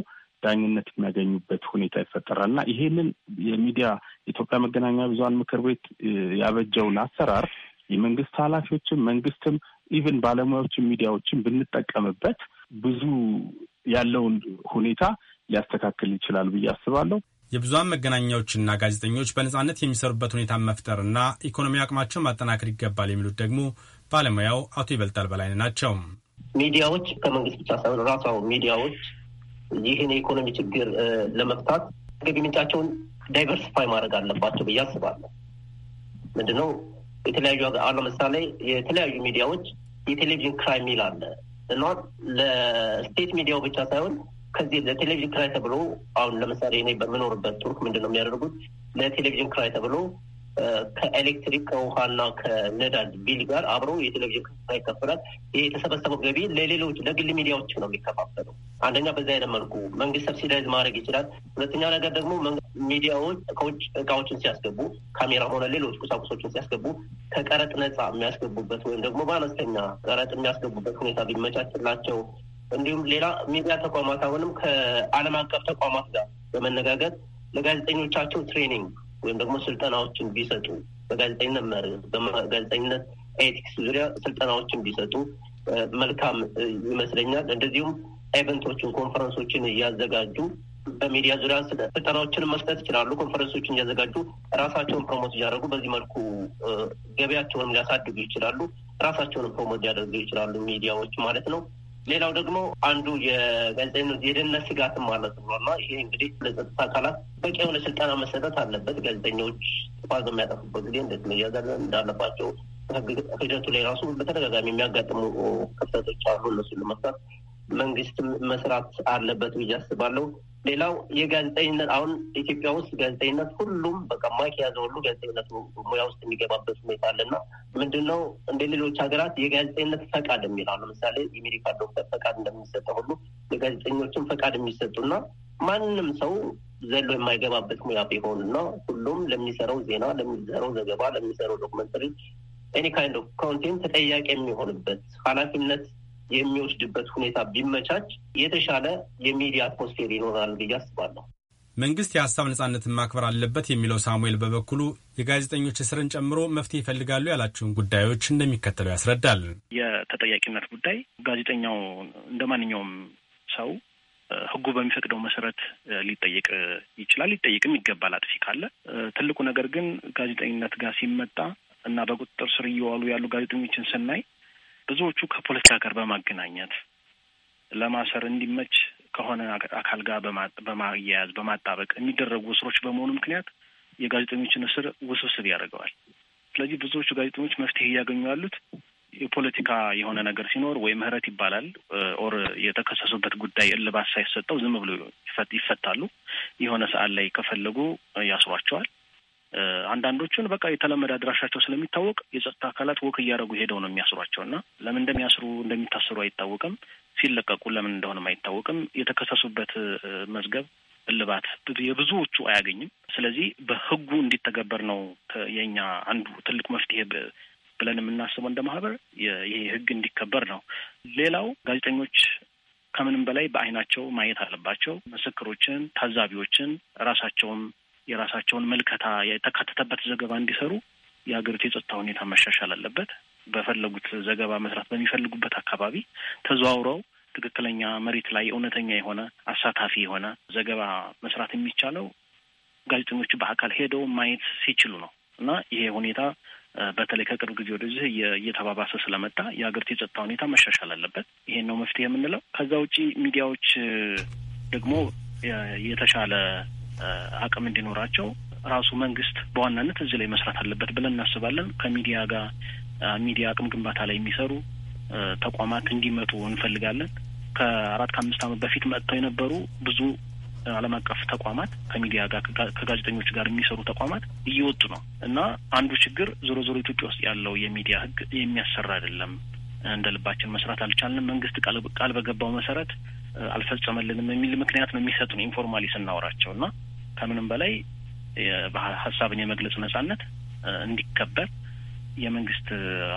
Speaker 4: ዳኝነት የሚያገኙበት ሁኔታ ይፈጠራል እና ይሄንን የሚዲያ የኢትዮጵያ መገናኛ ብዙሀን ምክር ቤት ያበጀውን አሰራር የመንግስት ኃላፊዎችም መንግስትም ኢቨን ባለሙያዎችን ሚዲያዎችን ብንጠቀምበት ብዙ ያለውን ሁኔታ ሊያስተካክል ይችላል ብዬ አስባለሁ።
Speaker 1: የብዙሀን መገናኛዎችና ጋዜጠኞች በነጻነት የሚሰሩበት ሁኔታ መፍጠርና ኢኮኖሚ አቅማቸውን ማጠናከር ይገባል የሚሉት ደግሞ ባለሙያው አቶ ይበልጣል በላይን ናቸው።
Speaker 7: ሚዲያዎች ከመንግስት ብቻ ሳይሆን ራሷ ሚዲያዎች ይህን የኢኮኖሚ ችግር ለመፍታት ገቢ ምንጫቸውን ዳይቨርሲፋይ ማድረግ አለባቸው ብዬ አስባለሁ። ምንድነው የተለያዩ አሁን ለምሳሌ የተለያዩ ሚዲያዎች የቴሌቪዥን ክራይ የሚል አለ እና ለስቴት ሚዲያው ብቻ ሳይሆን ከዚህ ለቴሌቪዥን ክራይ ተብሎ አሁን ለምሳሌ እኔ በምኖርበት ቱርክ ምንድነው የሚያደርጉት ለቴሌቪዥን ክራይ ተብሎ ከኤሌክትሪክ ከውሃና ከነዳጅ ቢል ጋር አብሮ የቴሌቪዥን ክፍያ ይከፈላል። ይህ የተሰበሰበው ገቢ ለሌሎች ለግል ሚዲያዎች ነው የሚከፋፈለው። አንደኛ በዛ አይነት መልኩ መንግስት ሰብሲዳይዝ ማድረግ ይችላል። ሁለተኛ ነገር ደግሞ ሚዲያዎች ከውጭ እቃዎችን ሲያስገቡ ካሜራ ሆነ ሌሎች ቁሳቁሶችን ሲያስገቡ ከቀረጥ ነፃ የሚያስገቡበት ወይም ደግሞ በአነስተኛ ቀረጥ የሚያስገቡበት ሁኔታ ቢመቻችላቸው እንዲሁም ሌላ ሚዲያ ተቋማት አሁንም ከዓለም አቀፍ ተቋማት ጋር በመነጋገር ለጋዜጠኞቻቸው ትሬኒንግ ወይም ደግሞ ስልጠናዎችን ቢሰጡ በጋዜጠኝነት መር በጋዜጠኝነት ኤቲክስ ዙሪያ ስልጠናዎችን ቢሰጡ መልካም ይመስለኛል። እንደዚሁም ኤቨንቶችን ኮንፈረንሶችን እያዘጋጁ በሚዲያ ዙሪያ ስልጠናዎችን መስጠት ይችላሉ። ኮንፈረንሶችን እያዘጋጁ ራሳቸውን ፕሮሞት እያደረጉ በዚህ መልኩ ገበያቸውንም ሊያሳድጉ ይችላሉ። ራሳቸውን ፕሮሞት ሊያደርጉ ይችላሉ ሚዲያዎች ማለት ነው። ሌላው ደግሞ አንዱ የጋዜጠኝነት የደህንነት ስጋትም አለ ተብሏልና ይሄ እንግዲህ ለጸጥታ አካላት በቂ የሆነ ስልጠና መሰጠት አለበት። ጋዜጠኞች ጥፋት በሚያጠፉበት ጊዜ እንደት መያዘር እንዳለባቸው ሂደቱ ላይ ራሱ በተደጋጋሚ የሚያጋጥሙ ክፍተቶች አሉ። እነሱን ለመፍታት መንግስት መስራት አለበት ብዬ አስባለሁ። ሌላው የጋዜጠኝነት አሁን ኢትዮጵያ ውስጥ ጋዜጠኝነት ሁሉም በቃ ማይክ የያዘ ሁሉ ጋዜጠኝነት ሙያ ውስጥ የሚገባበት ሁኔታ አለና ምንድነው እንደ ሌሎች ሀገራት የጋዜጠኝነት ፈቃድ የሚለው ለምሳሌ የሜዲካ ዶክተር ፈቃድ እንደሚሰጠው ሁሉ የጋዜጠኞችን ፈቃድ የሚሰጡና ማንም ሰው ዘሎ የማይገባበት ሙያ ቢሆን ሁሉም ለሚሰራው ዜና፣ ለሚሰራው ዘገባ፣ ለሚሰራው ዶክመንተሪ ኤኒ ካይንድ ኦፍ ኮንቴንት ተጠያቂ የሚሆንበት ኃላፊነት የሚወስድበት ሁኔታ ቢመቻች የተሻለ የሚዲያ አትሞስፌር ይኖራል ብዬ አስባለሁ።
Speaker 1: መንግስት የሀሳብ ነጻነትን ማክበር አለበት የሚለው ሳሙኤል በበኩሉ የጋዜጠኞች እስርን ጨምሮ መፍትሄ ይፈልጋሉ ያላቸውን ጉዳዮች እንደሚከተለው ያስረዳል።
Speaker 3: የተጠያቂነት ጉዳይ ጋዜጠኛው እንደ ማንኛውም ሰው ህጉ በሚፈቅደው መሰረት ሊጠየቅ ይችላል፣ ሊጠየቅም ይገባል አጥፊ ካለ። ትልቁ ነገር ግን ጋዜጠኝነት ጋር ሲመጣ እና በቁጥጥር ስር እየዋሉ ያሉ ጋዜጠኞችን ስናይ ብዙዎቹ ከፖለቲካ ጋር በማገናኘት ለማሰር እንዲመች ከሆነ አካል ጋር በማያያዝ በማጣበቅ የሚደረጉ እስሮች በመሆኑ ምክንያት የጋዜጠኞችን እስር ውስብስብ ያደርገዋል። ስለዚህ ብዙዎቹ ጋዜጠኞች መፍትሄ እያገኙ ያሉት የፖለቲካ የሆነ ነገር ሲኖር ወይ ምህረት ይባላል ኦር የተከሰሱበት ጉዳይ እልባት ሳይሰጠው ዝም ብሎ ይፈታሉ። የሆነ ሰዓት ላይ ከፈለጉ ያስሯቸዋል። አንዳንዶቹን በቃ የተለመደ አድራሻቸው ስለሚታወቅ የጸጥታ አካላት ወክ እያደረጉ ሄደው ነው የሚያስሯቸው እና ለምን እንደሚያስሩ እንደሚታሰሩ አይታወቅም። ሲለቀቁ ለምን እንደሆነም አይታወቅም። የተከሰሱበት መዝገብ እልባት የብዙዎቹ አያገኝም። ስለዚህ በህጉ እንዲተገበር ነው የእኛ አንዱ ትልቅ መፍትሄ ብለን የምናስበው እንደ ማህበር ይሄ ህግ እንዲከበር ነው። ሌላው ጋዜጠኞች ከምንም በላይ በአይናቸው ማየት አለባቸው። ምስክሮችን፣ ታዛቢዎችን ራሳቸውም የራሳቸውን መልከታ የተካተተበት ዘገባ እንዲሰሩ የሀገሪቱ የጸጥታ ሁኔታ መሻሻል አለበት። በፈለጉት ዘገባ መስራት በሚፈልጉበት አካባቢ ተዘዋውረው ትክክለኛ መሬት ላይ እውነተኛ የሆነ አሳታፊ የሆነ ዘገባ መስራት የሚቻለው ጋዜጠኞቹ በአካል ሄደው ማየት ሲችሉ ነው እና ይሄ ሁኔታ በተለይ ከቅርብ ጊዜ ወደዚህ እየተባባሰ ስለመጣ የሀገሪቱ የጸጥታ ሁኔታ መሻሻል አለበት። ይሄን ነው መፍትሄ የምንለው። ከዛ ውጪ ሚዲያዎች ደግሞ የተሻለ አቅም እንዲኖራቸው ራሱ መንግስት በዋናነት እዚህ ላይ መስራት አለበት ብለን እናስባለን። ከሚዲያ ጋር ሚዲያ አቅም ግንባታ ላይ የሚሰሩ ተቋማት እንዲመጡ እንፈልጋለን። ከአራት ከአምስት ዓመት በፊት መጥተው የነበሩ ብዙ ዓለም አቀፍ ተቋማት ከሚዲያ ጋር ከጋዜጠኞች ጋር የሚሰሩ ተቋማት እየወጡ ነው እና አንዱ ችግር ዞሮ ዞሮ ኢትዮጵያ ውስጥ ያለው የሚዲያ ህግ የሚያሰራ አይደለም። እንደ ልባችን መስራት አልቻልንም፣ መንግስት ቃል በገባው መሰረት አልፈጸመልንም የሚል ምክንያት ነው የሚሰጡን ኢንፎርማሊ ስናወራቸው እና ከምንም በላይ ሀሳብን የመግለጽ ነጻነት እንዲከበር የመንግስት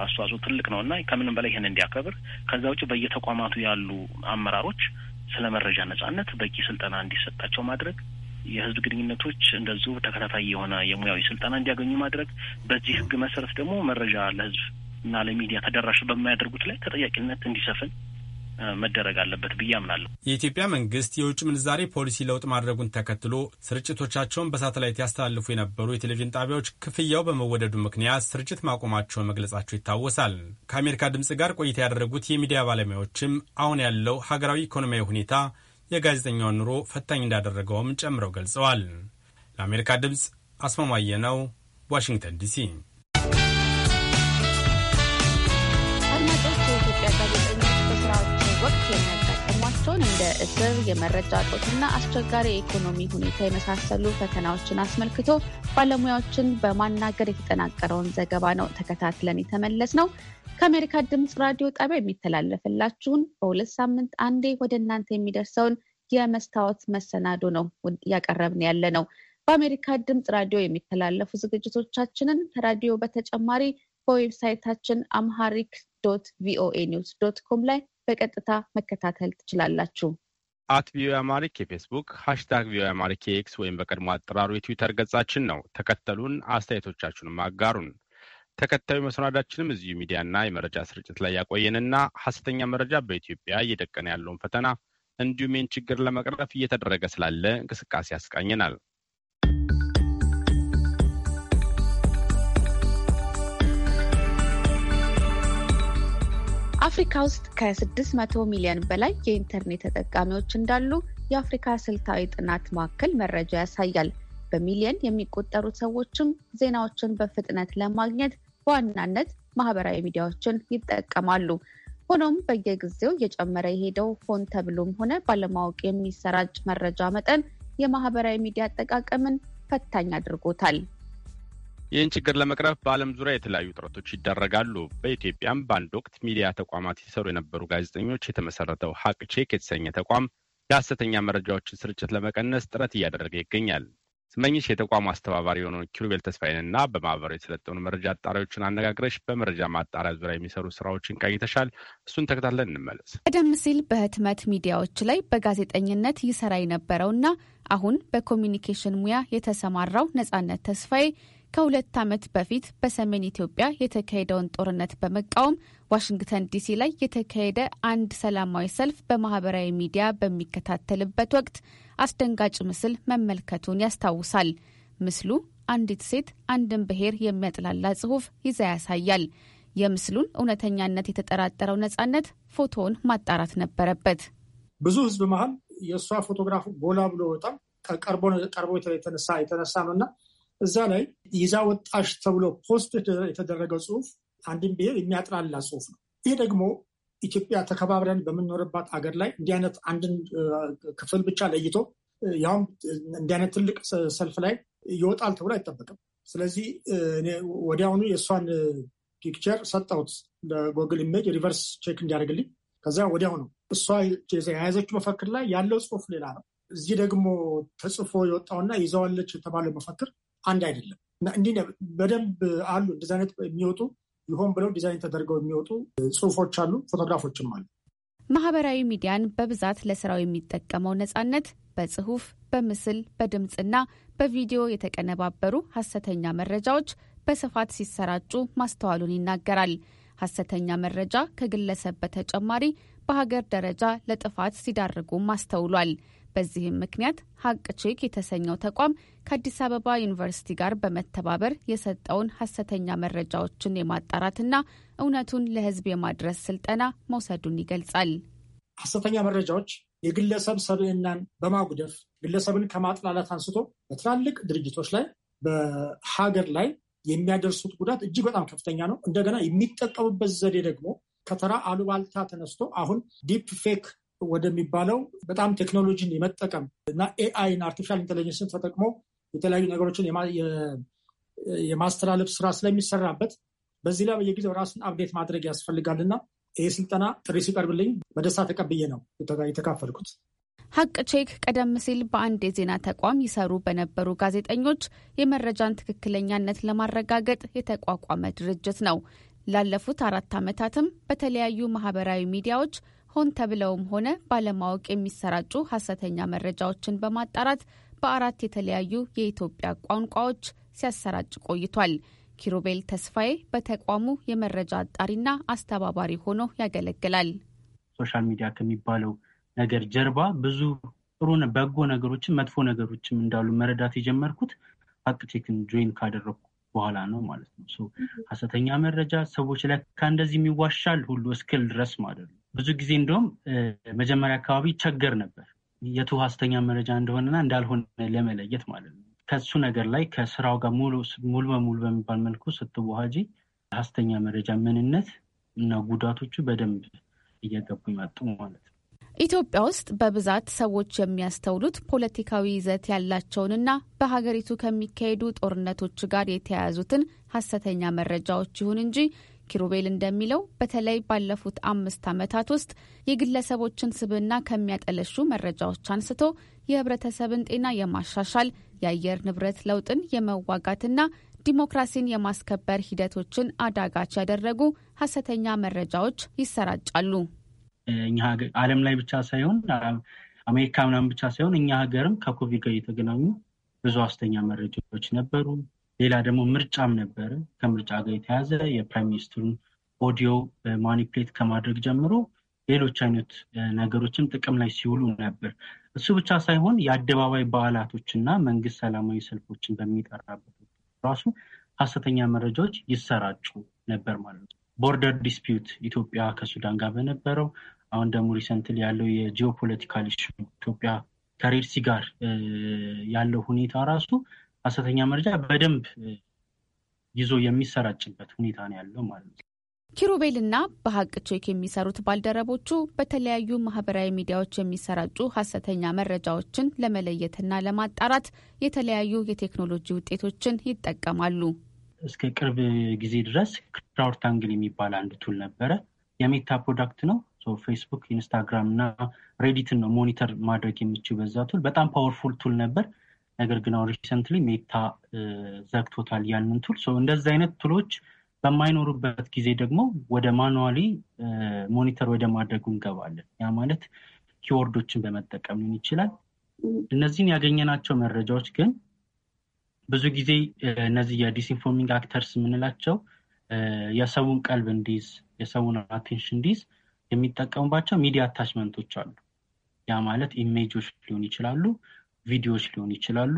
Speaker 3: አስተዋጽኦ ትልቅ ነው እና ከምንም በላይ ይህን እንዲያከብር ከዛ ውጭ በየተቋማቱ ያሉ አመራሮች ስለ መረጃ ነጻነት በቂ ስልጠና እንዲሰጣቸው ማድረግ የህዝብ ግንኙነቶች እንደዚሁ ተከታታይ የሆነ የሙያዊ ስልጠና እንዲያገኙ ማድረግ፣ በዚህ ህግ መሰረት ደግሞ መረጃ ለህዝብ እና ለሚዲያ ተደራሽ በማያደርጉት ላይ ተጠያቂነት እንዲሰፍን መደረግ አለበት ብዬ አምናለሁ።
Speaker 1: የኢትዮጵያ መንግስት የውጭ ምንዛሬ ፖሊሲ ለውጥ ማድረጉን ተከትሎ ስርጭቶቻቸውን በሳተላይት ያስተላልፉ የነበሩ የቴሌቪዥን ጣቢያዎች ክፍያው በመወደዱ ምክንያት ስርጭት ማቆማቸውን መግለጻቸው ይታወሳል። ከአሜሪካ ድምፅ ጋር ቆይታ ያደረጉት የሚዲያ ባለሙያዎችም አሁን ያለው ሀገራዊ ኢኮኖሚያዊ ሁኔታ የጋዜጠኛውን ኑሮ ፈታኝ እንዳደረገውም ጨምረው ገልጸዋል። ለአሜሪካ ድምፅ አስማማየ ነው፣ ዋሽንግተን ዲሲ
Speaker 2: ሲሆን እንደ እስር፣ የመረጃ እጦትና አስቸጋሪ የኢኮኖሚ ሁኔታ የመሳሰሉ ፈተናዎችን አስመልክቶ ባለሙያዎችን በማናገር የተጠናቀረውን ዘገባ ነው ተከታትለን የተመለስ ነው። ከአሜሪካ ድምፅ ራዲዮ ጣቢያ የሚተላለፍላችሁን በሁለት ሳምንት አንዴ ወደ እናንተ የሚደርሰውን የመስታወት መሰናዶ ነው እያቀረብን ያለ ነው። በአሜሪካ ድምፅ ራዲዮ የሚተላለፉ ዝግጅቶቻችንን ከራዲዮ በተጨማሪ በዌብሳይታችን አምሃሪክ ዶት ቪኦኤ ኒውስ ዶት ኮም ላይ በቀጥታ መከታተል ትችላላችሁ።
Speaker 1: አት ቪኦ አማሪክ የፌስቡክ ሃሽታግ ቪኦ አማሪክ የኤክስ ወይም በቀድሞ አጠራሩ የትዊተር ገጻችን ነው። ተከተሉን፣ አስተያየቶቻችሁንም አጋሩን። ተከታዩ መሰናዳችንም እዚሁ ሚዲያና የመረጃ ስርጭት ላይ ያቆየንና ሀሰተኛ መረጃ በኢትዮጵያ እየደቀነ ያለውን ፈተና እንዲሁም ይህን ችግር ለመቅረፍ እየተደረገ ስላለ እንቅስቃሴ ያስቃኘናል።
Speaker 2: አፍሪካ ውስጥ ከ600 ሚሊዮን በላይ የኢንተርኔት ተጠቃሚዎች እንዳሉ የአፍሪካ ስልታዊ ጥናት ማዕከል መረጃ ያሳያል። በሚሊዮን የሚቆጠሩ ሰዎችም ዜናዎችን በፍጥነት ለማግኘት በዋናነት ማህበራዊ ሚዲያዎችን ይጠቀማሉ። ሆኖም በየጊዜው እየጨመረ የሄደው ሆን ተብሎም ሆነ ባለማወቅ የሚሰራጭ መረጃ መጠን የማህበራዊ ሚዲያ አጠቃቀምን ፈታኝ አድርጎታል። ይህን
Speaker 1: ችግር ለመቅረፍ በዓለም ዙሪያ የተለያዩ ጥረቶች ይደረጋሉ። በኢትዮጵያም በአንድ ወቅት ሚዲያ ተቋማት ሲሰሩ የነበሩ ጋዜጠኞች የተመሰረተው ሀቅ ቼክ የተሰኘ ተቋም የሐሰተኛ መረጃዎችን ስርጭት ለመቀነስ ጥረት እያደረገ ይገኛል። ስመኝሽ የተቋሙ አስተባባሪ የሆነውን ኪሩቤል ተስፋዬንና በማህበሩ የተሰለጠኑ መረጃ አጣሪዎችን አነጋግረሽ በመረጃ ማጣሪያ ዙሪያ የሚሰሩ ስራዎችን ቀይተሻል። እሱን ተከታትለን እንመለስ።
Speaker 2: ቀደም ሲል በህትመት ሚዲያዎች ላይ በጋዜጠኝነት ይሰራ የነበረውና አሁን በኮሚኒኬሽን ሙያ የተሰማራው ነጻነት ተስፋዬ ከሁለት ዓመት በፊት በሰሜን ኢትዮጵያ የተካሄደውን ጦርነት በመቃወም ዋሽንግተን ዲሲ ላይ የተካሄደ አንድ ሰላማዊ ሰልፍ በማህበራዊ ሚዲያ በሚከታተልበት ወቅት አስደንጋጭ ምስል መመልከቱን ያስታውሳል። ምስሉ አንዲት ሴት አንድን ብሔር የሚያጥላላ ጽሑፍ ይዛ ያሳያል። የምስሉን እውነተኛነት የተጠራጠረው ነጻነት ፎቶውን ማጣራት ነበረበት።
Speaker 5: ብዙ ህዝብ መሀል የእሷ ፎቶግራፍ ጎላ ብሎ ወጣ። ቀርቦ የተነሳ ነው እና እዛ ላይ ይዛ ወጣሽ ተብሎ ፖስት የተደረገ ጽሁፍ አንድን ብሔር የሚያጥላላ ጽሁፍ ነው። ይህ ደግሞ ኢትዮጵያ ተከባብረን በምንኖርባት አገር ላይ እንዲህ አይነት አንድን ክፍል ብቻ ለይቶ ያውም እንዲህ አይነት ትልቅ ሰልፍ ላይ ይወጣል ተብሎ አይጠበቅም። ስለዚህ ወዲያውኑ የእሷን ፒክቸር ሰጠሁት ለጎግል ኢሜጅ ሪቨርስ ቼክ እንዲያደርግልኝ። ከዛ ወዲያውኑ እሷ የያዘችው መፈክር ላይ ያለው ጽሁፍ ሌላ ነው። እዚህ ደግሞ ተጽፎ የወጣውና ይዘዋለች የተባለው መፈክር አንድ አይደለም። እንዲህ በደንብ አሉ እንደዚ አይነት የሚወጡ ይሆን ብለው ዲዛይን ተደርገው የሚወጡ ጽሁፎች አሉ፣ ፎቶግራፎችም አሉ።
Speaker 2: ማህበራዊ ሚዲያን በብዛት ለስራው የሚጠቀመው ነጻነት በጽሁፍ በምስል በድምፅና በቪዲዮ የተቀነባበሩ ሀሰተኛ መረጃዎች በስፋት ሲሰራጩ ማስተዋሉን ይናገራል። ሀሰተኛ መረጃ ከግለሰብ በተጨማሪ በሀገር ደረጃ ለጥፋት ሲዳርጉም አስተውሏል። በዚህም ምክንያት ሀቅ ቼክ የተሰኘው ተቋም ከአዲስ አበባ ዩኒቨርሲቲ ጋር በመተባበር የሰጠውን ሀሰተኛ መረጃዎችን የማጣራትና እውነቱን ለሕዝብ የማድረስ ስልጠና መውሰዱን ይገልጻል።
Speaker 5: ሀሰተኛ መረጃዎች የግለሰብ ሰብዕናን በማጉደፍ ግለሰብን ከማጥላላት አንስቶ በትላልቅ ድርጅቶች ላይ በሀገር ላይ የሚያደርሱት ጉዳት እጅግ በጣም ከፍተኛ ነው። እንደገና የሚጠቀሙበት ዘዴ ደግሞ ከተራ አሉባልታ ተነስቶ አሁን ዲፕ ፌክ ወደሚባለው በጣም ቴክኖሎጂን የመጠቀም እና ኤአይን አርቲፊሻል ኢንቴሊጀንስን ተጠቅሞ የተለያዩ ነገሮችን የማስተላለፍ ስራ ስለሚሰራበት በዚህ ላይ በየጊዜው ራስን አፕዴት ማድረግ ያስፈልጋልና ይህ ስልጠና ጥሪ ሲቀርብልኝ በደስታ ተቀብዬ ነው የተካፈልኩት።
Speaker 2: ሀቅ ቼክ ቀደም ሲል በአንድ የዜና ተቋም ይሰሩ በነበሩ ጋዜጠኞች የመረጃን ትክክለኛነት ለማረጋገጥ የተቋቋመ ድርጅት ነው። ላለፉት አራት ዓመታትም በተለያዩ ማህበራዊ ሚዲያዎች ሆን ተብለውም ሆነ ባለማወቅ የሚሰራጩ ሀሰተኛ መረጃዎችን በማጣራት በአራት የተለያዩ የኢትዮጵያ ቋንቋዎች ሲያሰራጭ ቆይቷል። ኪሩቤል ተስፋዬ በተቋሙ የመረጃ አጣሪና አስተባባሪ ሆኖ ያገለግላል።
Speaker 9: ሶሻል ሚዲያ ከሚባለው ነገር ጀርባ ብዙ ጥሩ በጎ ነገሮችን መጥፎ ነገሮችም እንዳሉ መረዳት የጀመርኩት ፋክት ቼክን ጆይን ካደረግኩ በኋላ ነው ማለት ነው። ሀሰተኛ መረጃ ሰዎች ላይ ከእንደዚህ የሚዋሻል ሁሉ እስክል ድረስ ማለት ነው ብዙ ጊዜ እንደውም መጀመሪያ አካባቢ ቸገር ነበር የቱ ሐሰተኛ መረጃ እንደሆነና እንዳልሆነ ለመለየት ማለት ነው። ከሱ ነገር ላይ ከስራው ጋር ሙሉ በሙሉ በሚባል መልኩ ስትዋሃጂ ሐሰተኛ መረጃ ምንነት እና ጉዳቶቹ በደንብ እየገቡ ይመጡ ማለት ነው።
Speaker 2: ኢትዮጵያ ውስጥ በብዛት ሰዎች የሚያስተውሉት ፖለቲካዊ ይዘት ያላቸውንና በሀገሪቱ ከሚካሄዱ ጦርነቶች ጋር የተያያዙትን ሐሰተኛ መረጃዎች ይሁን እንጂ ኪሩቤል እንደሚለው በተለይ ባለፉት አምስት ዓመታት ውስጥ የግለሰቦችን ስብዕና ከሚያጠለሹ መረጃዎች አንስቶ የህብረተሰብን ጤና የማሻሻል የአየር ንብረት ለውጥን የመዋጋትና ዲሞክራሲን የማስከበር ሂደቶችን አዳጋች ያደረጉ ሀሰተኛ መረጃዎች ይሰራጫሉ።
Speaker 9: እኛ ዓለም ላይ ብቻ ሳይሆን አሜሪካ ምናምን ብቻ ሳይሆን እኛ ሀገርም ከኮቪድ ጋር የተገናኙ ብዙ ሀሰተኛ መረጃዎች ነበሩ። ሌላ ደግሞ ምርጫም ነበረ። ከምርጫ ጋር የተያዘ የፕራይም ሚኒስትሩን ኦዲዮ ማኒፕሌት ከማድረግ ጀምሮ ሌሎች አይነት ነገሮችም ጥቅም ላይ ሲውሉ ነበር። እሱ ብቻ ሳይሆን የአደባባይ በዓላቶች እና መንግስት ሰላማዊ ሰልፎችን በሚጠራበት ራሱ ሀሰተኛ መረጃዎች ይሰራጩ ነበር ማለት ነው። ቦርደር ዲስፒዩት ኢትዮጵያ ከሱዳን ጋር በነበረው አሁን ደግሞ ሪሰንትል ያለው የጂኦፖለቲካል ኢሹ ኢትዮጵያ ከሬድሲ ጋር ያለው ሁኔታ ራሱ ሀሰተኛ መረጃ በደንብ ይዞ የሚሰራጭበት ሁኔታ ነው ያለው ማለት ነው።
Speaker 2: ኪሩቤልና በሀቅ ቼክ የሚሰሩት ባልደረቦቹ በተለያዩ ማህበራዊ ሚዲያዎች የሚሰራጩ ሀሰተኛ መረጃዎችን ለመለየትና ለማጣራት የተለያዩ የቴክኖሎጂ ውጤቶችን ይጠቀማሉ።
Speaker 9: እስከ ቅርብ ጊዜ ድረስ ክራውድታንግል የሚባል አንድ ቱል ነበረ። የሜታ ፕሮዳክት ነው። ፌስቡክ፣ ኢንስታግራም እና ሬዲትን ነው ሞኒተር ማድረግ የሚችል በዛ ቱል። በጣም ፓወርፉል ቱል ነበር። ነገር ግን አሁን ሪሰንትሊ ሜታ ዘግቶታል ያንን ቱል። እንደዚህ አይነት ቱሎች በማይኖሩበት ጊዜ ደግሞ ወደ ማኑዋሊ ሞኒተር ወደ ማድረጉ እንገባለን። ያ ማለት ኪወርዶችን በመጠቀም ሊሆን ይችላል። እነዚህን ያገኘናቸው መረጃዎች ግን ብዙ ጊዜ እነዚህ የዲስኢንፎርሚንግ አክተርስ የምንላቸው የሰውን ቀልብ እንዲይዝ የሰውን አቴንሽን እንዲይዝ የሚጠቀሙባቸው ሚዲያ አታችመንቶች አሉ። ያ ማለት ኢሜጆች ሊሆን ይችላሉ ቪዲዮዎች ሊሆን ይችላሉ፣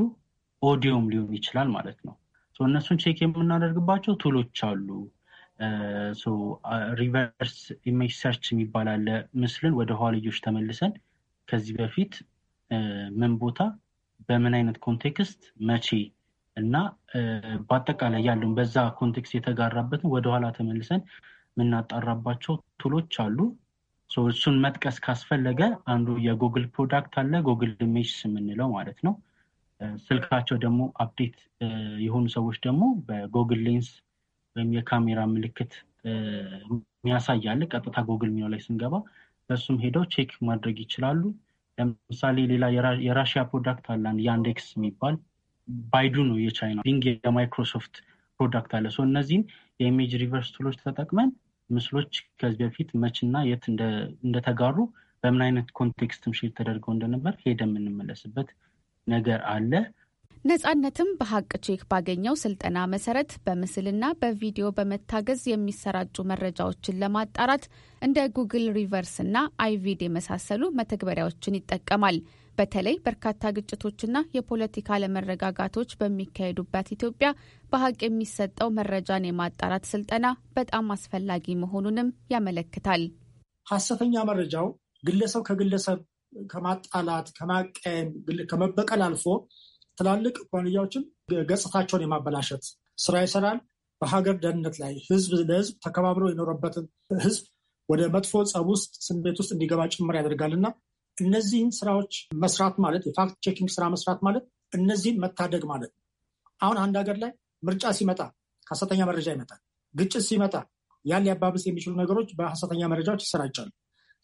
Speaker 9: ኦዲዮም ሊሆን ይችላል ማለት ነው። እነሱን ቼክ የምናደርግባቸው ቱሎች አሉ። ሪቨርስ ኢሜጅ ሰርች የሚባል አለ። ምስልን ወደ ኋልዮች ተመልሰን ከዚህ በፊት ምን ቦታ፣ በምን አይነት ኮንቴክስት፣ መቼ እና በአጠቃላይ ያለውን በዛ ኮንቴክስት የተጋራበትን ወደኋላ ተመልሰን የምናጣራባቸው ቱሎች አሉ። እሱን መጥቀስ ካስፈለገ አንዱ የጉግል ፕሮዳክት አለ፣ ጉግል ሜሽስ የምንለው ማለት ነው። ስልካቸው ደግሞ አፕዴት የሆኑ ሰዎች ደግሞ በጉግል ሌንስ ወይም የካሜራ ምልክት የሚያሳያል ቀጥታ ጉግል ሚው ላይ ስንገባ በሱም ሄደው ቼክ ማድረግ ይችላሉ። ለምሳሌ ሌላ የራሽያ ፕሮዳክት አለ ያንዴክስ የሚባል ባይዱ ነው የቻይና ቢንግ የማይክሮሶፍት ፕሮዳክት አለ። እነዚህን የኢሜጅ ሪቨርስ ቱሎች ተጠቅመን ምስሎች ከዚህ በፊት መችና የት እንደተጋሩ በምን አይነት ኮንቴክስትም ሼር ተደርገው እንደነበር ሄደ የምንመለስበት ነገር አለ።
Speaker 2: ነጻነትም በሀቅ ቼክ ባገኘው ስልጠና መሰረት በምስልና በቪዲዮ በመታገዝ የሚሰራጩ መረጃዎችን ለማጣራት እንደ ጉግል ሪቨርስ እና አይቪድ የመሳሰሉ መተግበሪያዎችን ይጠቀማል። በተለይ በርካታ ግጭቶችና የፖለቲካ አለመረጋጋቶች በሚካሄዱበት ኢትዮጵያ በሀቅ የሚሰጠው መረጃን የማጣራት ስልጠና በጣም አስፈላጊ መሆኑንም ያመለክታል።
Speaker 5: ሀሰተኛ መረጃው ግለሰብ ከግለሰብ ከማጣላት፣ ከማቀየም፣ ከመበቀል አልፎ ትላልቅ ኩባንያዎችን ገጽታቸውን የማበላሸት ስራ ይሰራል። በሀገር ደህንነት ላይ ህዝብ ለህዝብ ተከባብሮ የኖረበትን ህዝብ ወደ መጥፎ ጸብ ውስጥ ስሜት ውስጥ እንዲገባ ጭምር እና እነዚህን ስራዎች መስራት ማለት የፋክት ቼኪንግ ስራ መስራት ማለት እነዚህን መታደግ ማለት ነው። አሁን አንድ ሀገር ላይ ምርጫ ሲመጣ ሀሰተኛ መረጃ ይመጣል። ግጭት ሲመጣ ያን ሊያባብስ የሚችሉ ነገሮች በሀሰተኛ መረጃዎች ይሰራጫሉ።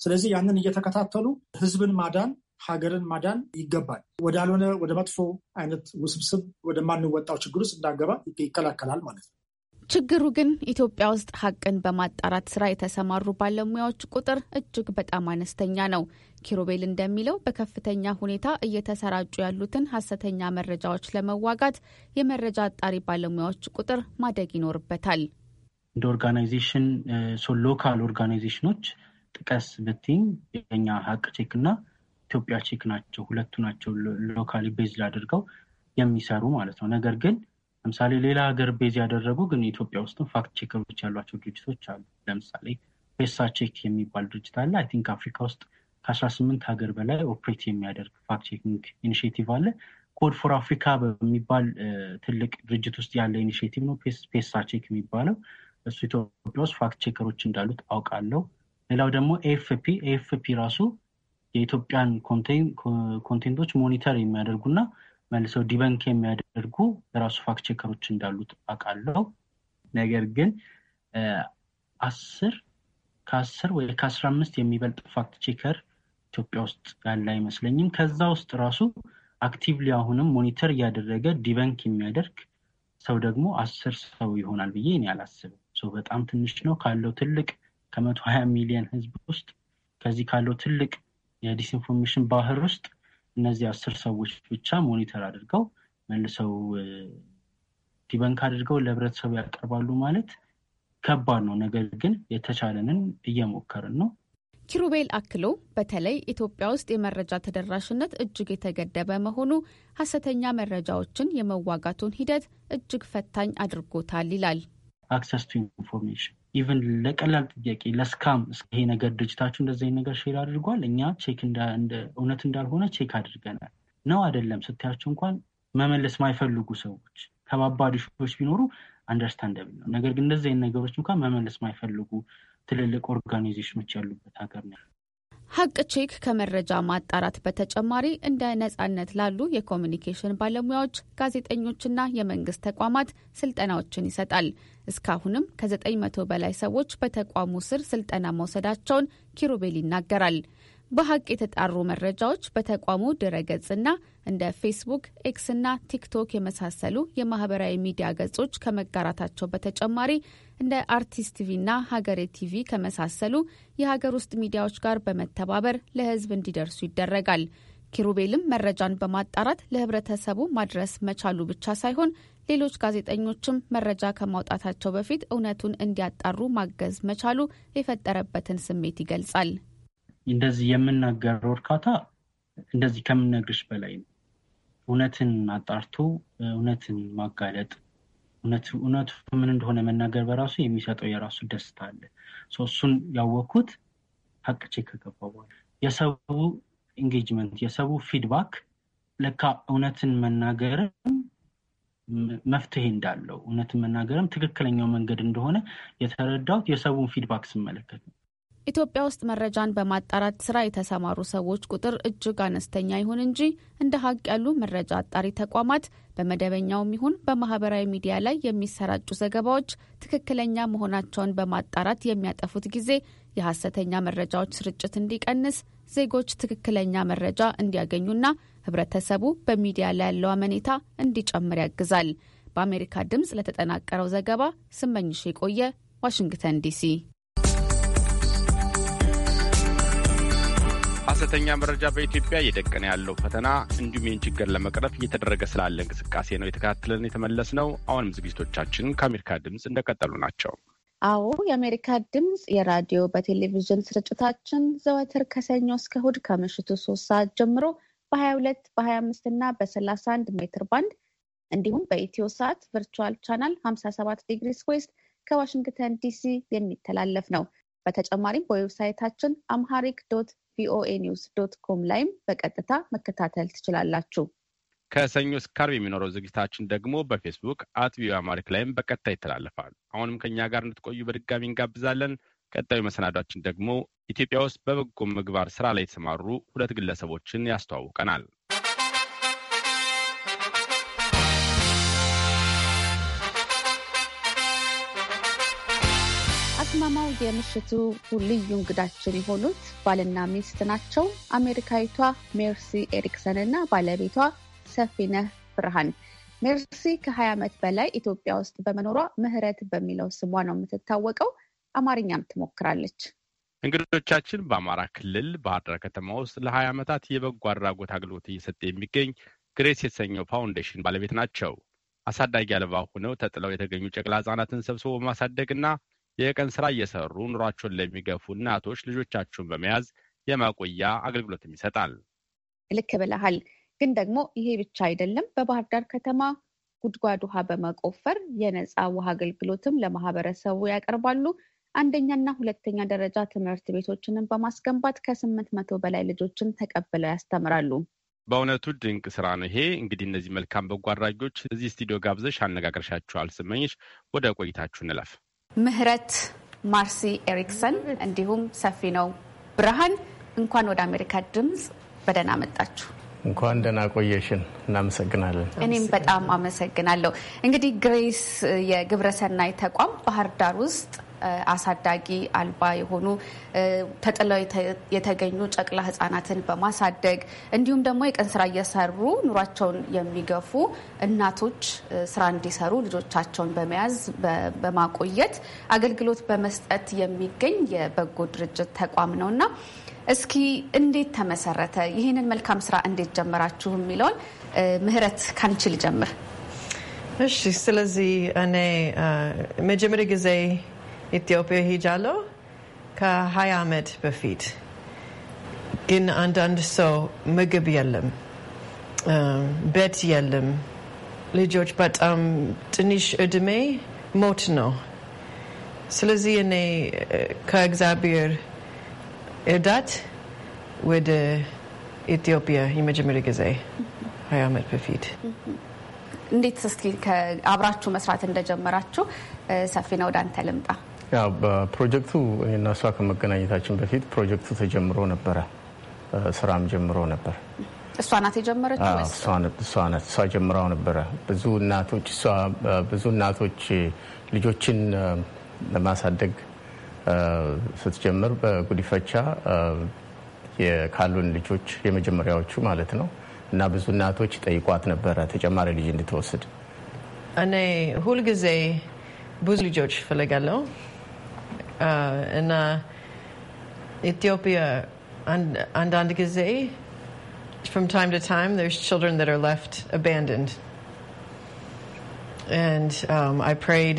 Speaker 5: ስለዚህ ያንን እየተከታተሉ ህዝብን ማዳን ሀገርን ማዳን ይገባል። ወዳልሆነ ወደ መጥፎ አይነት ውስብስብ ወደማንወጣው ችግር ውስጥ እንዳገባ ይከላከላል ማለት ነው።
Speaker 2: ችግሩ ግን ኢትዮጵያ ውስጥ ሀቅን በማጣራት ስራ የተሰማሩ ባለሙያዎች ቁጥር እጅግ በጣም አነስተኛ ነው። ኪሮቤል እንደሚለው በከፍተኛ ሁኔታ እየተሰራጩ ያሉትን ሀሰተኛ መረጃዎች ለመዋጋት የመረጃ አጣሪ ባለሙያዎች ቁጥር ማደግ ይኖርበታል።
Speaker 9: እንደ ኦርጋናይዜሽን ሎካል ኦርጋናይዜሽኖች ጥቀስ ብትኝ የኛ ሀቅ ቼክ እና ኢትዮጵያ ቼክ ናቸው። ሁለቱ ናቸው ሎካሊ ቤዝ አድርገው የሚሰሩ ማለት ነው። ነገር ግን ለምሳሌ ሌላ ሀገር ቤዝ ያደረጉ ግን ኢትዮጵያ ውስጥም ፋክት ቼከሮች ያሏቸው ድርጅቶች አሉ። ለምሳሌ ፔሳ ቼክ የሚባል ድርጅት አለ። አይ ቲንክ አፍሪካ ውስጥ ከአስራ ስምንት ሀገር በላይ ኦፕሬት የሚያደርግ ፋክት ቼኪንግ ኢኒሽቲቭ አለ። ኮድ ፎር አፍሪካ በሚባል ትልቅ ድርጅት ውስጥ ያለ ኢኒሽቲቭ ነው ፔሳ ቼክ የሚባለው። እሱ ኢትዮጵያ ውስጥ ፋክት ቼከሮች እንዳሉት አውቃለሁ። ሌላው ደግሞ ኤፍፒ ኤፍፒ ራሱ የኢትዮጵያን ኮንቴንቶች ሞኒተር የሚያደርጉና መልሰው ዲበንክ የሚያደርጉ የራሱ ፋክት እንዳሉት አውቃለሁ። ነገር ግን አስር ከአስር ወይ ከአስራ አምስት የሚበልጥ ፋክት ቼከር ኢትዮጵያ ውስጥ ያለ አይመስለኝም። ከዛ ውስጥ ራሱ አክቲቭሊ አሁንም ሞኒተር እያደረገ ዲበንክ የሚያደርግ ሰው ደግሞ አስር ሰው ይሆናል ብዬ እኔ አላስብም። በጣም ትንሽ ነው ካለው ትልቅ ከመቶ ሀያ ሚሊዮን ህዝብ ውስጥ ከዚህ ካለው ትልቅ የዲስኢንፎርሜሽን ባህር ውስጥ እነዚህ አስር ሰዎች ብቻ ሞኒተር አድርገው መልሰው ዲበንክ አድርገው ለህብረተሰቡ ያቀርባሉ ማለት ከባድ ነው። ነገር ግን የተቻለንን እየሞከርን ነው።
Speaker 2: ኪሩቤል አክሎ በተለይ ኢትዮጵያ ውስጥ የመረጃ ተደራሽነት እጅግ የተገደበ መሆኑ ሀሰተኛ መረጃዎችን የመዋጋቱን ሂደት እጅግ ፈታኝ አድርጎታል ይላል።
Speaker 9: አክሰስ ቱ ኢንፎርሜሽን ኢቨን ለቀላል ጥያቄ ለስካም ይሄ ነገር ድርጅታችሁ እንደዚህ ነገር ሼር አድርጓል፣ እኛ ቼክ እውነት እንዳልሆነ ቼክ አድርገናል ነው አይደለም ስታያቸው እንኳን መመለስ ማይፈልጉ ሰዎች ከባባድ ሾች ቢኖሩ አንደርስታንደብል ነው። ነገር ግን እንደዚህ አይነት ነገሮች እንኳን መመለስ ማይፈልጉ ትልልቅ ኦርጋናይዜሽኖች ያሉበት ሀገር ነው።
Speaker 2: ሀቅ ቼክ ከመረጃ ማጣራት በተጨማሪ እንደ ነጻነት ላሉ የኮሚኒኬሽን ባለሙያዎች፣ ጋዜጠኞችና የመንግስት ተቋማት ስልጠናዎችን ይሰጣል። እስካሁንም ከዘጠኝ መቶ በላይ ሰዎች በተቋሙ ስር ስልጠና መውሰዳቸውን ኪሩቤል ይናገራል። በሀቅ የተጣሩ መረጃዎች በተቋሙ ድረገጽና እንደ ፌስቡክ፣ ኤክስ እና ቲክቶክ የመሳሰሉ የማህበራዊ ሚዲያ ገጾች ከመጋራታቸው በተጨማሪ እንደ አርቲስት ቲቪና ሀገሬ ቲቪ ከመሳሰሉ የሀገር ውስጥ ሚዲያዎች ጋር በመተባበር ለህዝብ እንዲደርሱ ይደረጋል። ኪሩቤልም መረጃን በማጣራት ለህብረተሰቡ ማድረስ መቻሉ ብቻ ሳይሆን ሌሎች ጋዜጠኞችም መረጃ ከማውጣታቸው በፊት እውነቱን እንዲያጣሩ ማገዝ መቻሉ የፈጠረበትን ስሜት ይገልጻል።
Speaker 9: እንደዚህ የምናገረው እርካታ እንደዚህ ከምነግርሽ በላይ ነው። እውነትን አጣርቶ እውነትን ማጋለጥ እውነቱ ምን እንደሆነ መናገር በራሱ የሚሰጠው የራሱ ደስታ አለ። እሱን ያወቅኩት ሀቅቼ ከገባ በኋላ የሰቡ ኢንጌጅመንት፣ የሰቡ ፊድባክ ለካ እውነትን መናገርም መፍትሄ እንዳለው እውነትን መናገርም ትክክለኛው መንገድ እንደሆነ የተረዳሁት የሰቡን ፊድባክ ስመለከት ነው።
Speaker 2: ኢትዮጵያ ውስጥ መረጃን በማጣራት ስራ የተሰማሩ ሰዎች ቁጥር እጅግ አነስተኛ ይሁን እንጂ እንደ ሀቅ ያሉ መረጃ አጣሪ ተቋማት በመደበኛውም ይሁን በማህበራዊ ሚዲያ ላይ የሚሰራጩ ዘገባዎች ትክክለኛ መሆናቸውን በማጣራት የሚያጠፉት ጊዜ የሐሰተኛ መረጃዎች ስርጭት እንዲቀንስ፣ ዜጎች ትክክለኛ መረጃ እንዲያገኙና ህብረተሰቡ በሚዲያ ላይ ያለው አመኔታ እንዲጨምር ያግዛል። በአሜሪካ ድምፅ ለተጠናቀረው ዘገባ ስመኝሽ የቆየ ዋሽንግተን ዲሲ
Speaker 1: ሐሰተኛ መረጃ በኢትዮጵያ እየደቀነ ያለው ፈተና እንዲሁም ይህን ችግር ለመቅረፍ እየተደረገ ስላለ እንቅስቃሴ ነው የተከታተለን የተመለስ ነው። አሁንም ዝግጅቶቻችን ከአሜሪካ ድምፅ እንደቀጠሉ ናቸው።
Speaker 2: አዎ የአሜሪካ ድምፅ የራዲዮ በቴሌቪዥን ስርጭታችን ዘወትር ከሰኞ እስከ እሑድ ከምሽቱ ሶስት ሰዓት ጀምሮ በ22 በ25 እና በ31 ሜትር ባንድ እንዲሁም በኢትዮ ሰዓት ቨርቹዋል ቻናል 57 ዲግሪ ስዌስት ከዋሽንግተን ዲሲ የሚተላለፍ ነው። በተጨማሪም በዌብሳይታችን አምሃሪክ ዶት ቪኦኤ ኒውስ ዶት ኮም ላይም በቀጥታ መከታተል ትችላላችሁ።
Speaker 1: ከሰኞ እስከ ዓርብ የሚኖረው ዝግጅታችን ደግሞ በፌስቡክ አት ቪኦኤ አማሪክ ላይም በቀጥታ ይተላለፋል። አሁንም ከእኛ ጋር እንድትቆዩ በድጋሚ እንጋብዛለን። ቀጣዩ መሰናዷችን ደግሞ ኢትዮጵያ ውስጥ በበጎ ምግባር ስራ ላይ የተሰማሩ ሁለት ግለሰቦችን ያስተዋውቀናል።
Speaker 2: የምሽቱ ልዩ እንግዳችን የሆኑት ባልና ሚስት ናቸው። አሜሪካዊቷ ሜርሲ ኤሪክሰን እና ባለቤቷ ሰፊነህ ብርሃን። ሜርሲ ከ20 ዓመት በላይ ኢትዮጵያ ውስጥ በመኖሯ ምህረት በሚለው ስሟ ነው የምትታወቀው። አማርኛም ትሞክራለች።
Speaker 1: እንግዶቻችን በአማራ ክልል ባህር ዳር ከተማ ውስጥ ለ20 ዓመታት የበጎ አድራጎት አገልግሎት እየሰጠ የሚገኝ ግሬስ የተሰኘው ፋውንዴሽን ባለቤት ናቸው። አሳዳጊ አልባ ሆነው ተጥለው የተገኙ ጨቅላ ህጻናትን ሰብስቦ በማሳደግ እና የቀን ስራ እየሰሩ ኑሯቸውን ለሚገፉ እናቶች ልጆቻቸውን በመያዝ የማቆያ አገልግሎትም ይሰጣል።
Speaker 2: ልክ ብለሃል። ግን ደግሞ ይሄ ብቻ አይደለም። በባህር ዳር ከተማ ጉድጓድ ውሃ በመቆፈር የነፃ ውሃ አገልግሎትም ለማህበረሰቡ ያቀርባሉ። አንደኛና ሁለተኛ ደረጃ ትምህርት ቤቶችንም በማስገንባት ከስምንት መቶ በላይ ልጆችን ተቀብለው ያስተምራሉ።
Speaker 1: በእውነቱ ድንቅ ስራ ነው። ይሄ እንግዲህ እነዚህ መልካም በጎ አድራጊዎች እዚህ ስቱዲዮ ጋብዘሽ አነጋግረሻቸዋል። ስመኝሽ፣ ወደ
Speaker 10: ቆይታችሁ እንለፍ።
Speaker 2: ምህረት ማርሲ ኤሪክሰን እንዲሁም ሰፊ ነው ብርሃን እንኳን ወደ አሜሪካ ድምፅ በደህና መጣችሁ።
Speaker 10: እንኳን ደህና ቆየሽን። እናመሰግናለን። እኔም በጣም
Speaker 2: አመሰግናለሁ። እንግዲህ ግሬስ የግብረሰናይ ተቋም ባህር ዳር ውስጥ አሳዳጊ አልባ የሆኑ ተጥለው የተገኙ ጨቅላ ህጻናትን በማሳደግ እንዲሁም ደግሞ የቀን ስራ እየሰሩ ኑሯቸውን የሚገፉ እናቶች ስራ እንዲሰሩ ልጆቻቸውን በመያዝ በማቆየት አገልግሎት በመስጠት የሚገኝ የበጎ ድርጅት ተቋም ነው እና እስኪ እንዴት ተመሰረተ? ይህንን መልካም ስራ እንዴት ጀመራችሁ? የሚለውን
Speaker 11: ምህረት ካንቺ ልጀምር። እሺ። ስለዚህ እኔ መጀመሪያ ጊዜ ኢትዮጵያ ሄጃለሁ ከሀያ ዓመት በፊት ግን አንዳንድ ሰው ምግብ የለም፣ ቤት የለም፣ ልጆች በጣም ትንሽ እድሜ ሞት ነው። ስለዚህ እኔ ከእግዚአብሔር እርዳት ወደ ኢትዮጵያ የመጀመሪያ ጊዜ ሀያ ዓመት በፊት
Speaker 2: እንዴት እስኪ አብራችሁ መስራት እንደጀመራችሁ ሰፊ ነው። ወደ አንተ ልምጣ።
Speaker 10: ፕሮጀክቱ እኔና እሷ ከመገናኘታችን በፊት ፕሮጀክቱ ተጀምሮ ነበረ፣ ስራም ጀምሮ ነበር።
Speaker 2: ናት
Speaker 10: እሷ ናት እሷ ጀምራው ነበረ። ብዙ እናቶች እሷ ብዙ እናቶች ልጆችን ለማሳደግ ስትጀምር በጉዲፈቻ ካሉን ልጆች የመጀመሪያዎቹ ማለት ነው እና ብዙ እናቶች ጠይቋት ነበረ ተጨማሪ ልጅ እንድትወስድ።
Speaker 11: እኔ ሁልጊዜ ብዙ ልጆች እፈልጋለሁ እና ኢትዮጵያ አንዳንድ ጊዜ from time to time there's children that are left abandoned and um, I prayed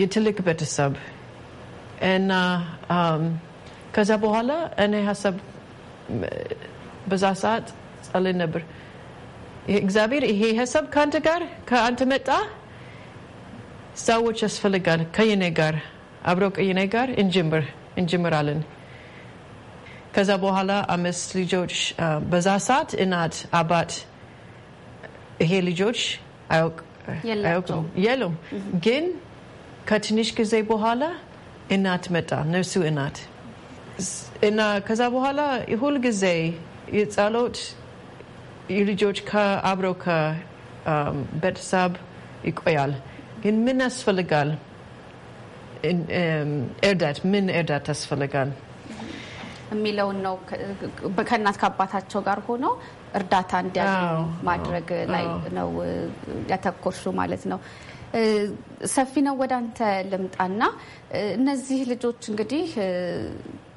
Speaker 11: የትልቅ ቤተሰብ እና um, ከዛ በኋላ እኔ ሀሳብ በዛ ሰዓት ጸልይ ነበር። እግዚአብሔር ይሄ ሀሳብ ከአንተ ጋር ከአንተ መጣ ሰዎች ያስፈልጋል ከየኔ ጋር አብረው ከየኔ ጋር እንጀምር እንጀምራለን። ከዛ በኋላ አምስት ልጆች um, በዛ ሰዓት እናት አባት ይሄ ልጆች አያውቁም የሉም ግን ከትንሽ ጊዜ በኋላ እናት መጣ፣ ነፍሱ እናት እና ከዛ በኋላ ሁል ጊዜ የጸሎት ልጆች ከአብረው ከቤተሰብ ይቆያል። ግን ምን ያስፈልጋል? እርዳት ምን እርዳት ያስፈልጋል
Speaker 2: የሚለውን ነው። ከእናት ከአባታቸው ጋር ሆኖ እርዳታ እንዲያገኙ ማድረግ ላይ ነው ያተኮርሹ ማለት ነው። ሰፊ ነው። ወደ አንተ ልምጣና እነዚህ ልጆች እንግዲህ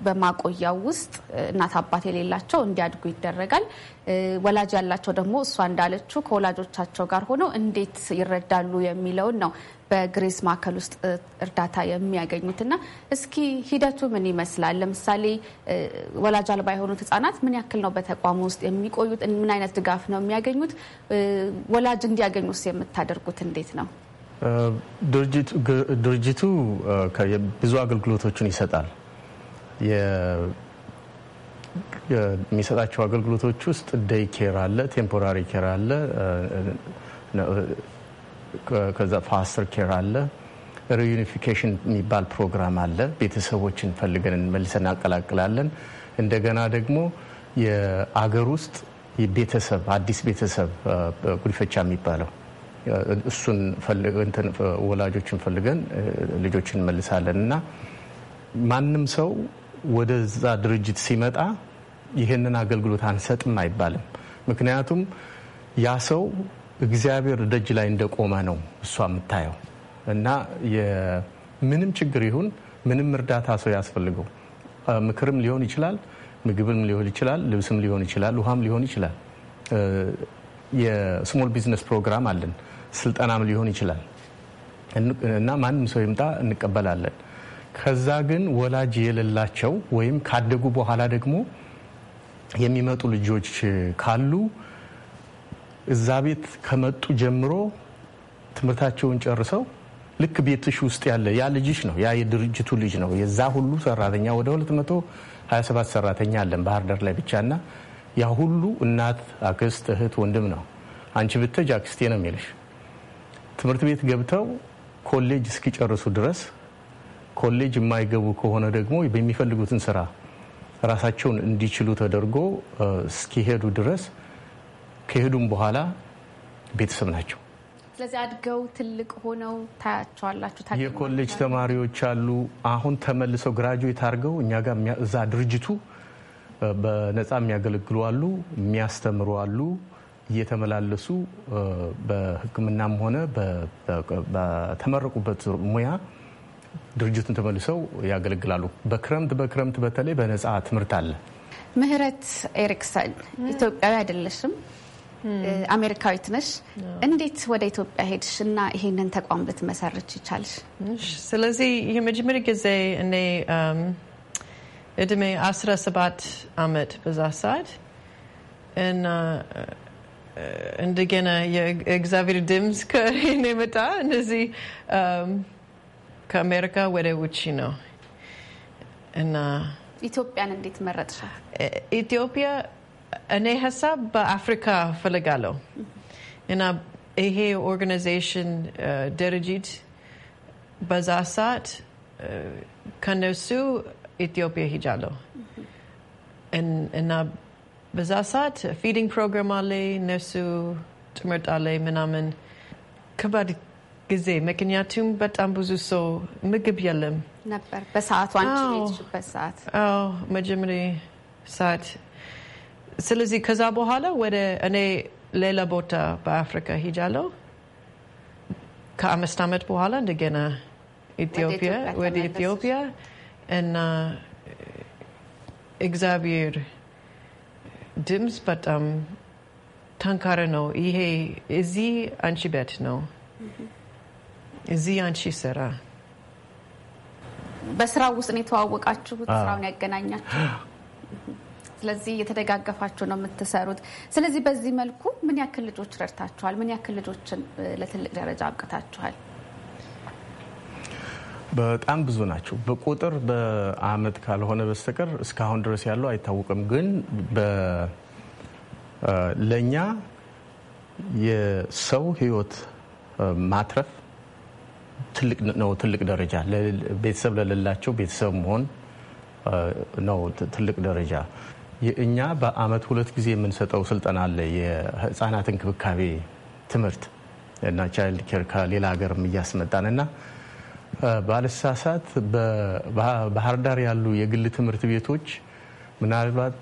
Speaker 2: በማቆያው ውስጥ እናት አባት የሌላቸው እንዲያድጉ ይደረጋል። ወላጅ ያላቸው ደግሞ እሷ እንዳለችው ከወላጆቻቸው ጋር ሆነው እንዴት ይረዳሉ የሚለውን ነው በግሬስ ማዕከል ውስጥ እርዳታ የሚያገኙትና እስኪ ሂደቱ ምን ይመስላል? ለምሳሌ ወላጅ አልባ የሆኑት ህጻናት ምን ያክል ነው በተቋሙ ውስጥ የሚቆዩት? ምን አይነት ድጋፍ ነው የሚያገኙት? ወላጅ እንዲያገኙስ የምታደርጉት እንዴት ነው?
Speaker 10: ድርጅቱ ብዙ አገልግሎቶችን ይሰጣል። የሚሰጣቸው አገልግሎቶች ውስጥ ደይ ኬር አለ፣ ቴምፖራሪ ኬር አለ፣ ከዛ ፋስተር ኬር አለ፣ ሪዩኒፊኬሽን የሚባል ፕሮግራም አለ። ቤተሰቦችን ፈልገን መልሰን እናቀላቅላለን። እንደገና ደግሞ የአገር ውስጥ ቤተሰብ አዲስ ቤተሰብ ጉዲፈቻ የሚባለው እሱን ወላጆችን ፈልገን ልጆችን እንመልሳለን እና ማንም ሰው ወደዛ ድርጅት ሲመጣ ይህንን አገልግሎት አንሰጥም አይባልም። ምክንያቱም ያ ሰው እግዚአብሔር ደጅ ላይ እንደቆመ ነው እሷ የምታየው እና ምንም ችግር ይሁን ምንም እርዳታ ሰው ያስፈልገው ምክርም ሊሆን ይችላል፣ ምግብም ሊሆን ይችላል፣ ልብስም ሊሆን ይችላል፣ ውሃም ሊሆን ይችላል። የስሞል ቢዝነስ ፕሮግራም አለን። ስልጠናም ሊሆን ይችላል እና ማንም ሰው ይምጣ እንቀበላለን። ከዛ ግን ወላጅ የሌላቸው ወይም ካደጉ በኋላ ደግሞ የሚመጡ ልጆች ካሉ እዛ ቤት ከመጡ ጀምሮ ትምህርታቸውን ጨርሰው ልክ ቤትሽ ውስጥ ያለ ያ ልጅሽ ነው፣ ያ የድርጅቱ ልጅ ነው። የዛ ሁሉ ሰራተኛ ወደ 227 ሰራተኛ አለን ባህር ዳር ላይ ብቻ እና ያ ሁሉ እናት፣ አክስት፣ እህት፣ ወንድም ነው። አንቺ ብትጅ አክስቴ ነው የሚልሽ ትምህርት ቤት ገብተው ኮሌጅ እስኪጨርሱ ድረስ ኮሌጅ የማይገቡ ከሆነ ደግሞ በሚፈልጉትን ስራ ራሳቸውን እንዲችሉ ተደርጎ እስኪሄዱ ድረስ ከሄዱም በኋላ ቤተሰብ ናቸው።
Speaker 2: ስለዚህ አድገው ትልቅ ሆነው ታያቸዋላችሁ።
Speaker 10: የኮሌጅ ተማሪዎች አሉ። አሁን ተመልሰው ግራጁዌት አድርገው እኛ ጋር እዛ ድርጅቱ በነፃ የሚያገለግሉ አሉ፣ የሚያስተምሩ አሉ። እየተመላለሱ በሕክምናም ሆነ በተመረቁበት ሙያ ድርጅቱን ተመልሰው ያገለግላሉ። በክረምት በክረምት በተለይ በነፃ ትምህርት አለ።
Speaker 2: ምህረት ኤሪክሰን ኢትዮጵያዊ አይደለሽም፣ አሜሪካዊት ነሽ። እንዴት ወደ ኢትዮጵያ ሄድሽ እና ይሄንን ተቋም ልትመሰርች ይቻልሽ?
Speaker 11: ስለዚህ የመጀመሪያ ጊዜ እኔ እድሜ 17 አመት በዛ ሰዓት እና እንደገና የእግዚአብሔር ድምፅ ከኔ መጣ። እነዚህ um, ከአሜሪካ ወደ ውጭ ነው እና ኢትዮጵያን እንዴት መረጥሻል? ኢትዮጵያ እኔ ሀሳብ በአፍሪካ ፈልጋለሁ እና ይሄ ኦርጋናይዜሽን ድርጅት በዛ ሰዓት ከነሱ ኢትዮጵያ ሂጃለሁ እና በዛ ሰዓት ፊዲንግ ፕሮግራም አለ፣ እነሱ ትምህርት አለ ምናምን። ከባድ ጊዜ ምክንያቱም በጣም ብዙ ሰው ምግብ የለም
Speaker 2: ነበር በሰዓቱ ሰዓት
Speaker 11: መጀመሪያ ሰዓት። ስለዚህ ከዛ በኋላ ወደ እኔ ሌላ ቦታ በአፍሪካ ሂጃለሁ። ከአምስት ዓመት በኋላ እንደገና ኢትዮጵያ ወደ ኢትዮጵያ እና እግዚአብሔር ድምፅ በጣም ጠንካራ ነው። ይሄ እዚህ አንቺ ቤት ነው፣ እዚህ አንቺ ስራ
Speaker 2: በስራ ውስጥ ነው የተዋወቃችሁት፣ ስራውን ያገናኛችሁ። ስለዚህ የተደጋገፋችሁ ነው የምትሰሩት። ስለዚህ በዚህ መልኩ ምን ያክል ልጆች ረድታችኋል? ምን ያክል ልጆችን ለትልቅ ደረጃ አብቅታችኋል?
Speaker 10: በጣም ብዙ ናቸው። በቁጥር በአመት ካልሆነ በስተቀር እስካሁን ድረስ ያለው አይታወቅም። ግን ለእኛ የሰው ህይወት ማትረፍ ትልቅ ነው። ትልቅ ደረጃ ቤተሰብ ለሌላቸው ቤተሰብ መሆን ነው ትልቅ ደረጃ። እኛ በአመት ሁለት ጊዜ የምንሰጠው ስልጠና አለ። የህፃናት እንክብካቤ ትምህርት እና ቻይልድ ኬር ከሌላ ሀገርም እያስመጣን እና ባልሳሳት በባህር ዳር ያሉ የግል ትምህርት ቤቶች ምናልባት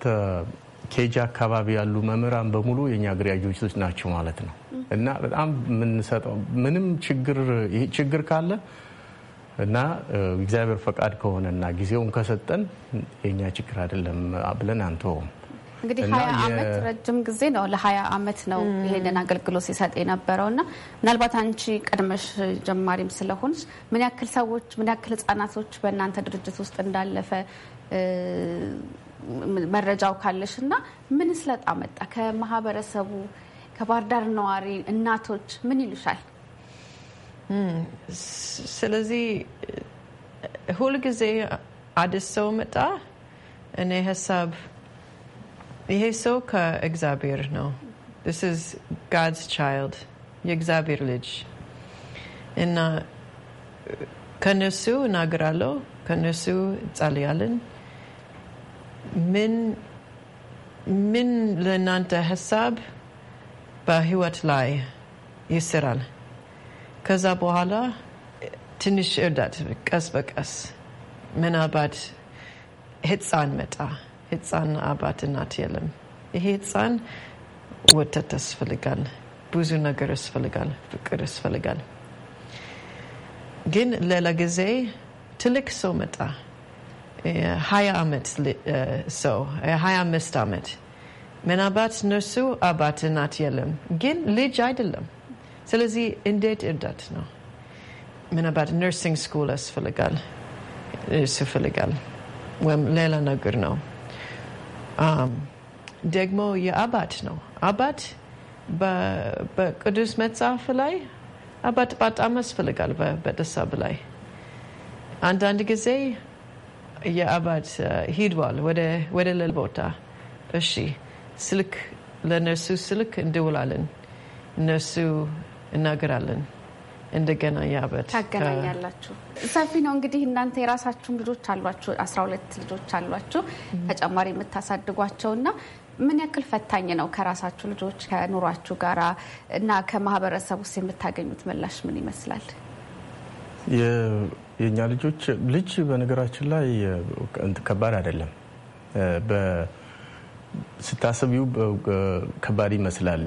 Speaker 10: ኬጅ አካባቢ ያሉ መምህራን በሙሉ የእኛ ግራጁዌቶች ናቸው ማለት ነው። እና በጣም የምንሰጠው ምንም ችግር ችግር ካለ እና እግዚአብሔር ፈቃድ ከሆነና ጊዜውን ከሰጠን የእኛ ችግር አይደለም ብለን አንተውም።
Speaker 2: እንግዲህ ሀያ አመት ረጅም ጊዜ ነው። ለሀያ አመት ነው ይሄንን አገልግሎት ሲሰጥ የነበረው እና ምናልባት አንቺ ቀድመሽ ጀማሪም ስለሆንሽ ምን ያክል ሰዎች ምን ያክል ህጻናቶች በእናንተ ድርጅት ውስጥ እንዳለፈ መረጃው ካለሽ እና ምን ስለጣ መጣ ከማህበረሰቡ ከባህር ዳር ነዋሪ እናቶች ምን ይሉሻል?
Speaker 11: ስለዚህ ሁልጊዜ አዲስ ሰው መጣ እኔ ሀሳብ ይሄ ሰው ከእግዚአብሔር ነው። ስ ጋድስ ቻይልድ የእግዚአብሔር ልጅ እና ከነሱ እናገራለሁ፣ ከነሱ ጸልያለን። ምን ምን ለእናንተ ሀሳብ በህይወት ላይ ይስራል። ከዛ በኋላ ትንሽ እርዳት ቀስ በቀስ ምናልባት ህፃን መጣ ህፃን አባት እናት የለም። ይሄ ህፃን ወተት ያስፈልጋል፣ ብዙ ነገር ያስፈልጋል፣ ፍቅር ያስፈልጋል። ግን ሌላ ጊዜ ትልቅ ሰው መጣ፣ ሀያ ዓመት ሰው ሀያ አምስት ዓመት ምናባት እነሱ አባት እናት የለም፣ ግን ልጅ አይደለም። ስለዚህ እንዴት እርዳት ነው? ምናባት ነርሲንግ ስኩል ያስፈልጋል፣ እሱ ይፈልጋል ወይም ሌላ ነገር ነው። Um, ደግሞ የአባት ነው። አባት በቅዱስ መጽሐፍ ላይ አባት በጣም ያስፈልጋል። በደሳብ ላይ አንዳንድ ጊዜ የአባት ሂድዋል ወደ ሌላ ቦታ። እሺ ስልክ ለነርሱ ስልክ እንደውላለን፣ እነርሱ እናገራለን። እንደገና ያበት ታገናኛላችሁ።
Speaker 2: ሰፊ ነው እንግዲህ እናንተ የራሳችሁን ልጆች አሏችሁ፣ አስራ ሁለት ልጆች አሏችሁ ተጨማሪ የምታሳድጓቸው እና ምን ያክል ፈታኝ ነው? ከራሳችሁ ልጆች ከኑሯችሁ ጋራ እና ከማህበረሰብ ውስጥ የምታገኙት ምላሽ ምን ይመስላል?
Speaker 10: የእኛ ልጆች ልጅ በነገራችን ላይ ከባድ አይደለም ስታስቢው ከባድ ይመስላል።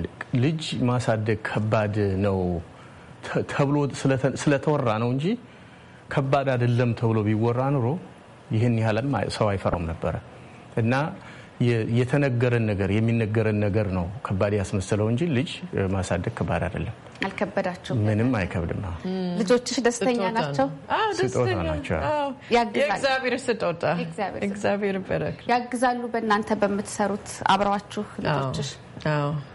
Speaker 10: ልጅ ማሳደግ ከባድ ነው ተብሎ ስለተወራ ነው እንጂ ከባድ አይደለም ተብሎ ቢወራ ኑሮ ይህን ያህልም ሰው አይፈራውም ነበረ እና የተነገረን ነገር የሚነገረን ነገር ነው ከባድ ያስመሰለው እንጂ ልጅ ማሳደግ ከባድ
Speaker 11: አይደለም።
Speaker 2: አልከበዳቸው
Speaker 11: ምንም አይከብድም።
Speaker 2: ልጆችሽ ደስተኛ ናቸው፣ ስጦታ
Speaker 11: ናቸው፣ የእግዚአብሔር ስጦታ እግዚአብሔር በረክ
Speaker 2: ያግዛሉ። በእናንተ
Speaker 11: በምትሰሩት አብረዋችሁ ልጆችሽ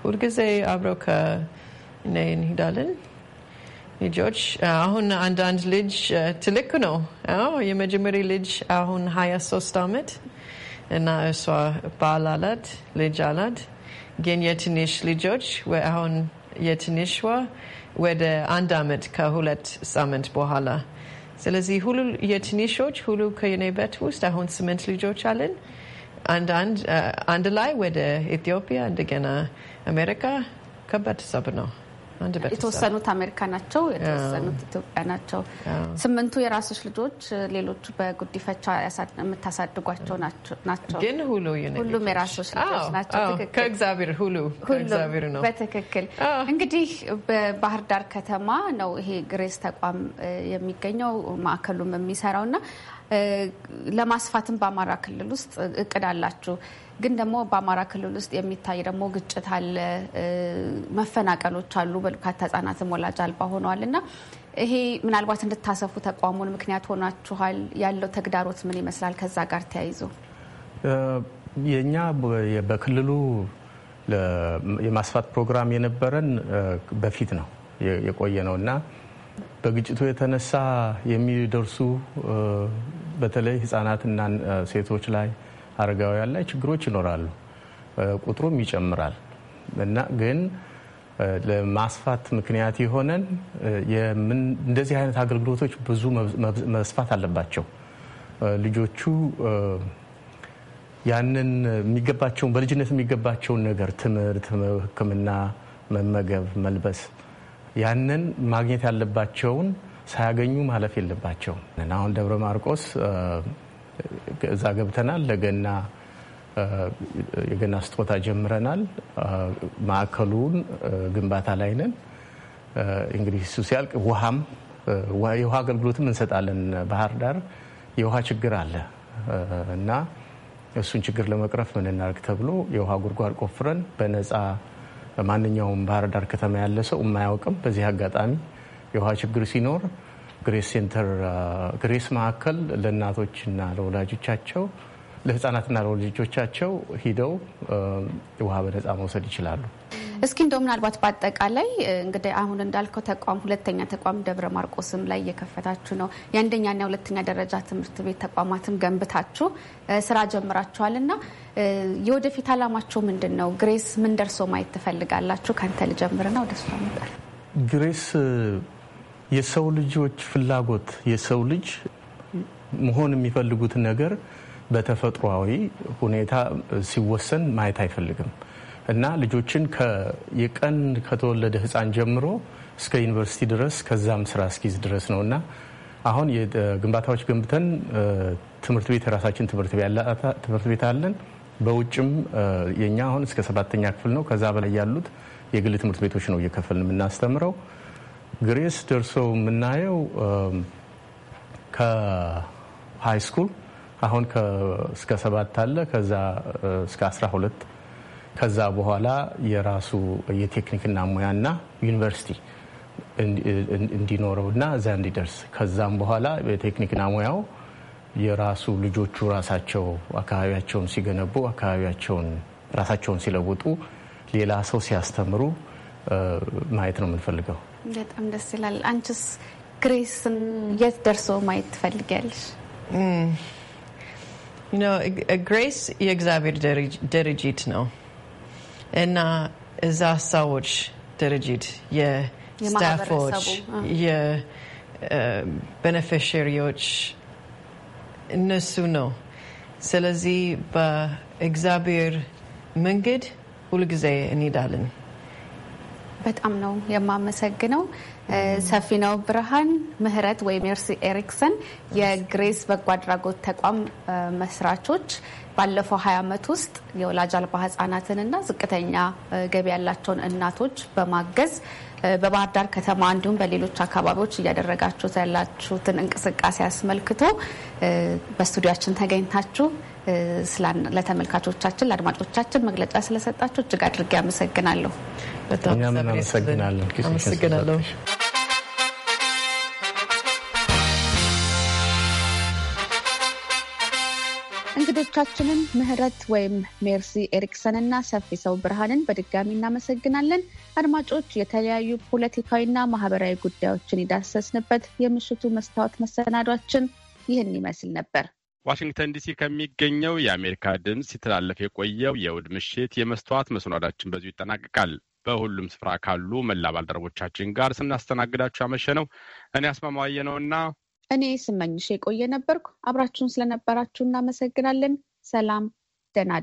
Speaker 11: ሁልጊዜ አብረው ከእኔ እንሄዳለን ልጆች አሁን አንዳንድ ልጅ ትልቅ ነው። የመጀመሪያ ልጅ አሁን ሀያ ሶስት ዓመት እና እሷ ባል አላት፣ ልጅ አላት። ግን የትንሽ ልጆች አሁን የትንሽዋ ወደ አንድ ዓመት ከሁለት ሳምንት በኋላ ስለዚህ ሁሉ የትንሾች ሁሉ ከኔ ቤት ውስጥ አሁን ስምንት ልጆች አለን። አንድ ላይ ወደ ኢትዮጵያ እንደገና አሜሪካ ከባድ ሰብ ነው። የተወሰኑት
Speaker 2: አሜሪካ ናቸው፣ የተወሰኑት ኢትዮጵያ ናቸው። ስምንቱ የራስሽ ልጆች፣ ሌሎቹ በጉዲፈቻ የምታሳድጓቸው ናቸው። ግን
Speaker 11: ሁሉም የራስሽ ልጆች ናቸው። ከእግዚአብሔር ሁሉ ከእግዚአብሔር ነው።
Speaker 2: በትክክል እንግዲህ በባህር ዳር ከተማ ነው ይሄ ግሬስ ተቋም የሚገኘው ማዕከሉም የሚሰራው እና ለማስፋትም በአማራ ክልል ውስጥ እቅድ አላችሁ። ግን ደግሞ በአማራ ክልል ውስጥ የሚታይ ደግሞ ግጭት አለ፣ መፈናቀሎች አሉ፣ በርካታ ህጻናትም ወላጅ አልባ ሆነዋል እና ይሄ ምናልባት እንድታሰፉ ተቋሙን ምክንያት ሆናችኋል። ያለው ተግዳሮት ምን ይመስላል? ከዛ ጋር ተያይዞ
Speaker 10: የእኛ በክልሉ የማስፋት ፕሮግራም የነበረን በፊት ነው የቆየ ነው እና በግጭቱ የተነሳ የሚደርሱ በተለይ ህጻናትና ሴቶች ላይ አረጋውያን ላይ ችግሮች ይኖራሉ፣ ቁጥሩም ይጨምራል እና ግን ለማስፋት ምክንያት የሆነን እንደዚህ አይነት አገልግሎቶች ብዙ መስፋት አለባቸው። ልጆቹ ያንን የሚገባቸውን በልጅነት የሚገባቸውን ነገር ትምህርት፣ ሕክምና፣ መመገብ፣ መልበስ ያንን ማግኘት ያለባቸውን ሳያገኙ ማለፍ የለባቸውም። አሁን ደብረ ማርቆስ እዛ ገብተናል። ለገና የገና ስጦታ ጀምረናል። ማዕከሉን ግንባታ ላይ ነን። እንግዲህ እሱ ሲያልቅ ውሃም የውሃ አገልግሎትም እንሰጣለን። ባህር ዳር የውሃ ችግር አለ እና እሱን ችግር ለመቅረፍ ምን እናርግ ተብሎ የውሃ ጉድጓድ ቆፍረን በነፃ ማንኛውም ባህር ዳር ከተማ ያለ ሰው የማያውቅም በዚህ አጋጣሚ የውሃ ችግር ሲኖር ግሬስ ሴንተር ግሬስ ማዕከል ለእናቶችና ለወላጆቻቸው ለህጻናትና ለወላጆቻቸው ሂደው ውሃ በነጻ መውሰድ ይችላሉ።
Speaker 2: እስኪ እንደው ምናልባት በአጠቃላይ እንግዲህ አሁን እንዳልከው ተቋም ሁለተኛ ተቋም ደብረ ማርቆስም ላይ እየከፈታችሁ ነው። የአንደኛና የሁለተኛ ደረጃ ትምህርት ቤት ተቋማትም ገንብታችሁ ስራ ጀምራችኋል እና የወደፊት አላማቸው ምንድን ነው? ግሬስ ምን ደርሶ ማየት ትፈልጋላችሁ? ከአንተ ልጀምርና ወደሱ ይመጣል።
Speaker 10: ግሬስ የሰው ልጆች ፍላጎት የሰው ልጅ መሆን የሚፈልጉት ነገር በተፈጥሯዊ ሁኔታ ሲወሰን ማየት አይፈልግም እና ልጆችን የቀን ከተወለደ ህፃን ጀምሮ እስከ ዩኒቨርሲቲ ድረስ ከዛም ስራ እስኪዝ ድረስ ነው እና አሁን ግንባታዎች ገንብተን ትምህርት ቤት የራሳችን ትምህርት ቤት አለን። በውጭም የእኛ አሁን እስከ ሰባተኛ ክፍል ነው። ከዛ በላይ ያሉት የግል ትምህርት ቤቶች ነው እየከፈልን የምናስተምረው። ግሬስ ደርሶ የምናየው ከሃይ ስኩል አሁን እስከ ሰባት አለ ከዛ እስከ 12 ከዛ በኋላ የራሱ የቴክኒክና ሙያና ዩኒቨርሲቲ እንዲኖረው እና እዛ እንዲደርስ ከዛም በኋላ የቴክኒክና ሙያው የራሱ ልጆቹ ራሳቸው አካባቢያቸውን ሲገነቡ አካባቢያቸውን ራሳቸውን ሲለውጡ ሌላ ሰው ሲያስተምሩ ማየት ነው
Speaker 11: የምንፈልገው።
Speaker 2: በጣም ደስ ይላል። አንቺስ ግሬስን የት ደርሶ ማየት ትፈልጊያለሽ?
Speaker 11: ግሬስ የእግዚአብሔር ድርጅት ነው እና እዛ ሰዎች ድርጅት የስታፎች፣ የቤኔፊሽሪዎች እነሱ ነው። ስለዚህ በእግዚአብሔር መንገድ ሁልጊዜ እንሄዳለን።
Speaker 2: በጣም ነው የማመሰግነው። ሰፊነው ብርሃን ምህረት ወይም ኤርሲ ኤሪክሰን የግሬስ በጎ አድራጎት ተቋም መስራቾች ባለፈው ሀያ ዓመት ውስጥ የወላጅ አልባ ህጻናትንና ዝቅተኛ ገቢ ያላቸውን እናቶች በማገዝ በባህር ዳር ከተማ እንዲሁም በሌሎች አካባቢዎች እያደረጋችሁት ያላችሁትን እንቅስቃሴ አስመልክቶ በስቱዲያችን ተገኝታችሁ ለተመልካቾቻችን ለአድማጮቻችን መግለጫ ስለሰጣችሁ እጅግ አድርጌ አመሰግናለሁ።
Speaker 10: በጣም አመሰግናለሁ።
Speaker 2: እንግዶቻችንን ምህረት ወይም ሜርሲ ኤሪክሰንና ሰፊ ሰው ብርሃንን በድጋሚ እናመሰግናለን። አድማጮች የተለያዩ ፖለቲካዊና ማህበራዊ ጉዳዮችን የዳሰስንበት የምሽቱ መስታወት መሰናዷችን ይህን ይመስል ነበር።
Speaker 1: ዋሽንግተን ዲሲ ከሚገኘው የአሜሪካ ድምፅ ሲተላለፍ የቆየው የእሁድ ምሽት የመስታወት መሰናዷችን በዚሁ ይጠናቀቃል። በሁሉም ስፍራ ካሉ መላ ባልደረቦቻችን ጋር ስናስተናግዳችሁ ያመሸ ነው። እኔ አስማማየ ነውና
Speaker 2: እኔ ስመኝሽ የቆየ ነበርኩ። አብራችሁን ስለነበራችሁ እናመሰግናለን። ሰላም ደና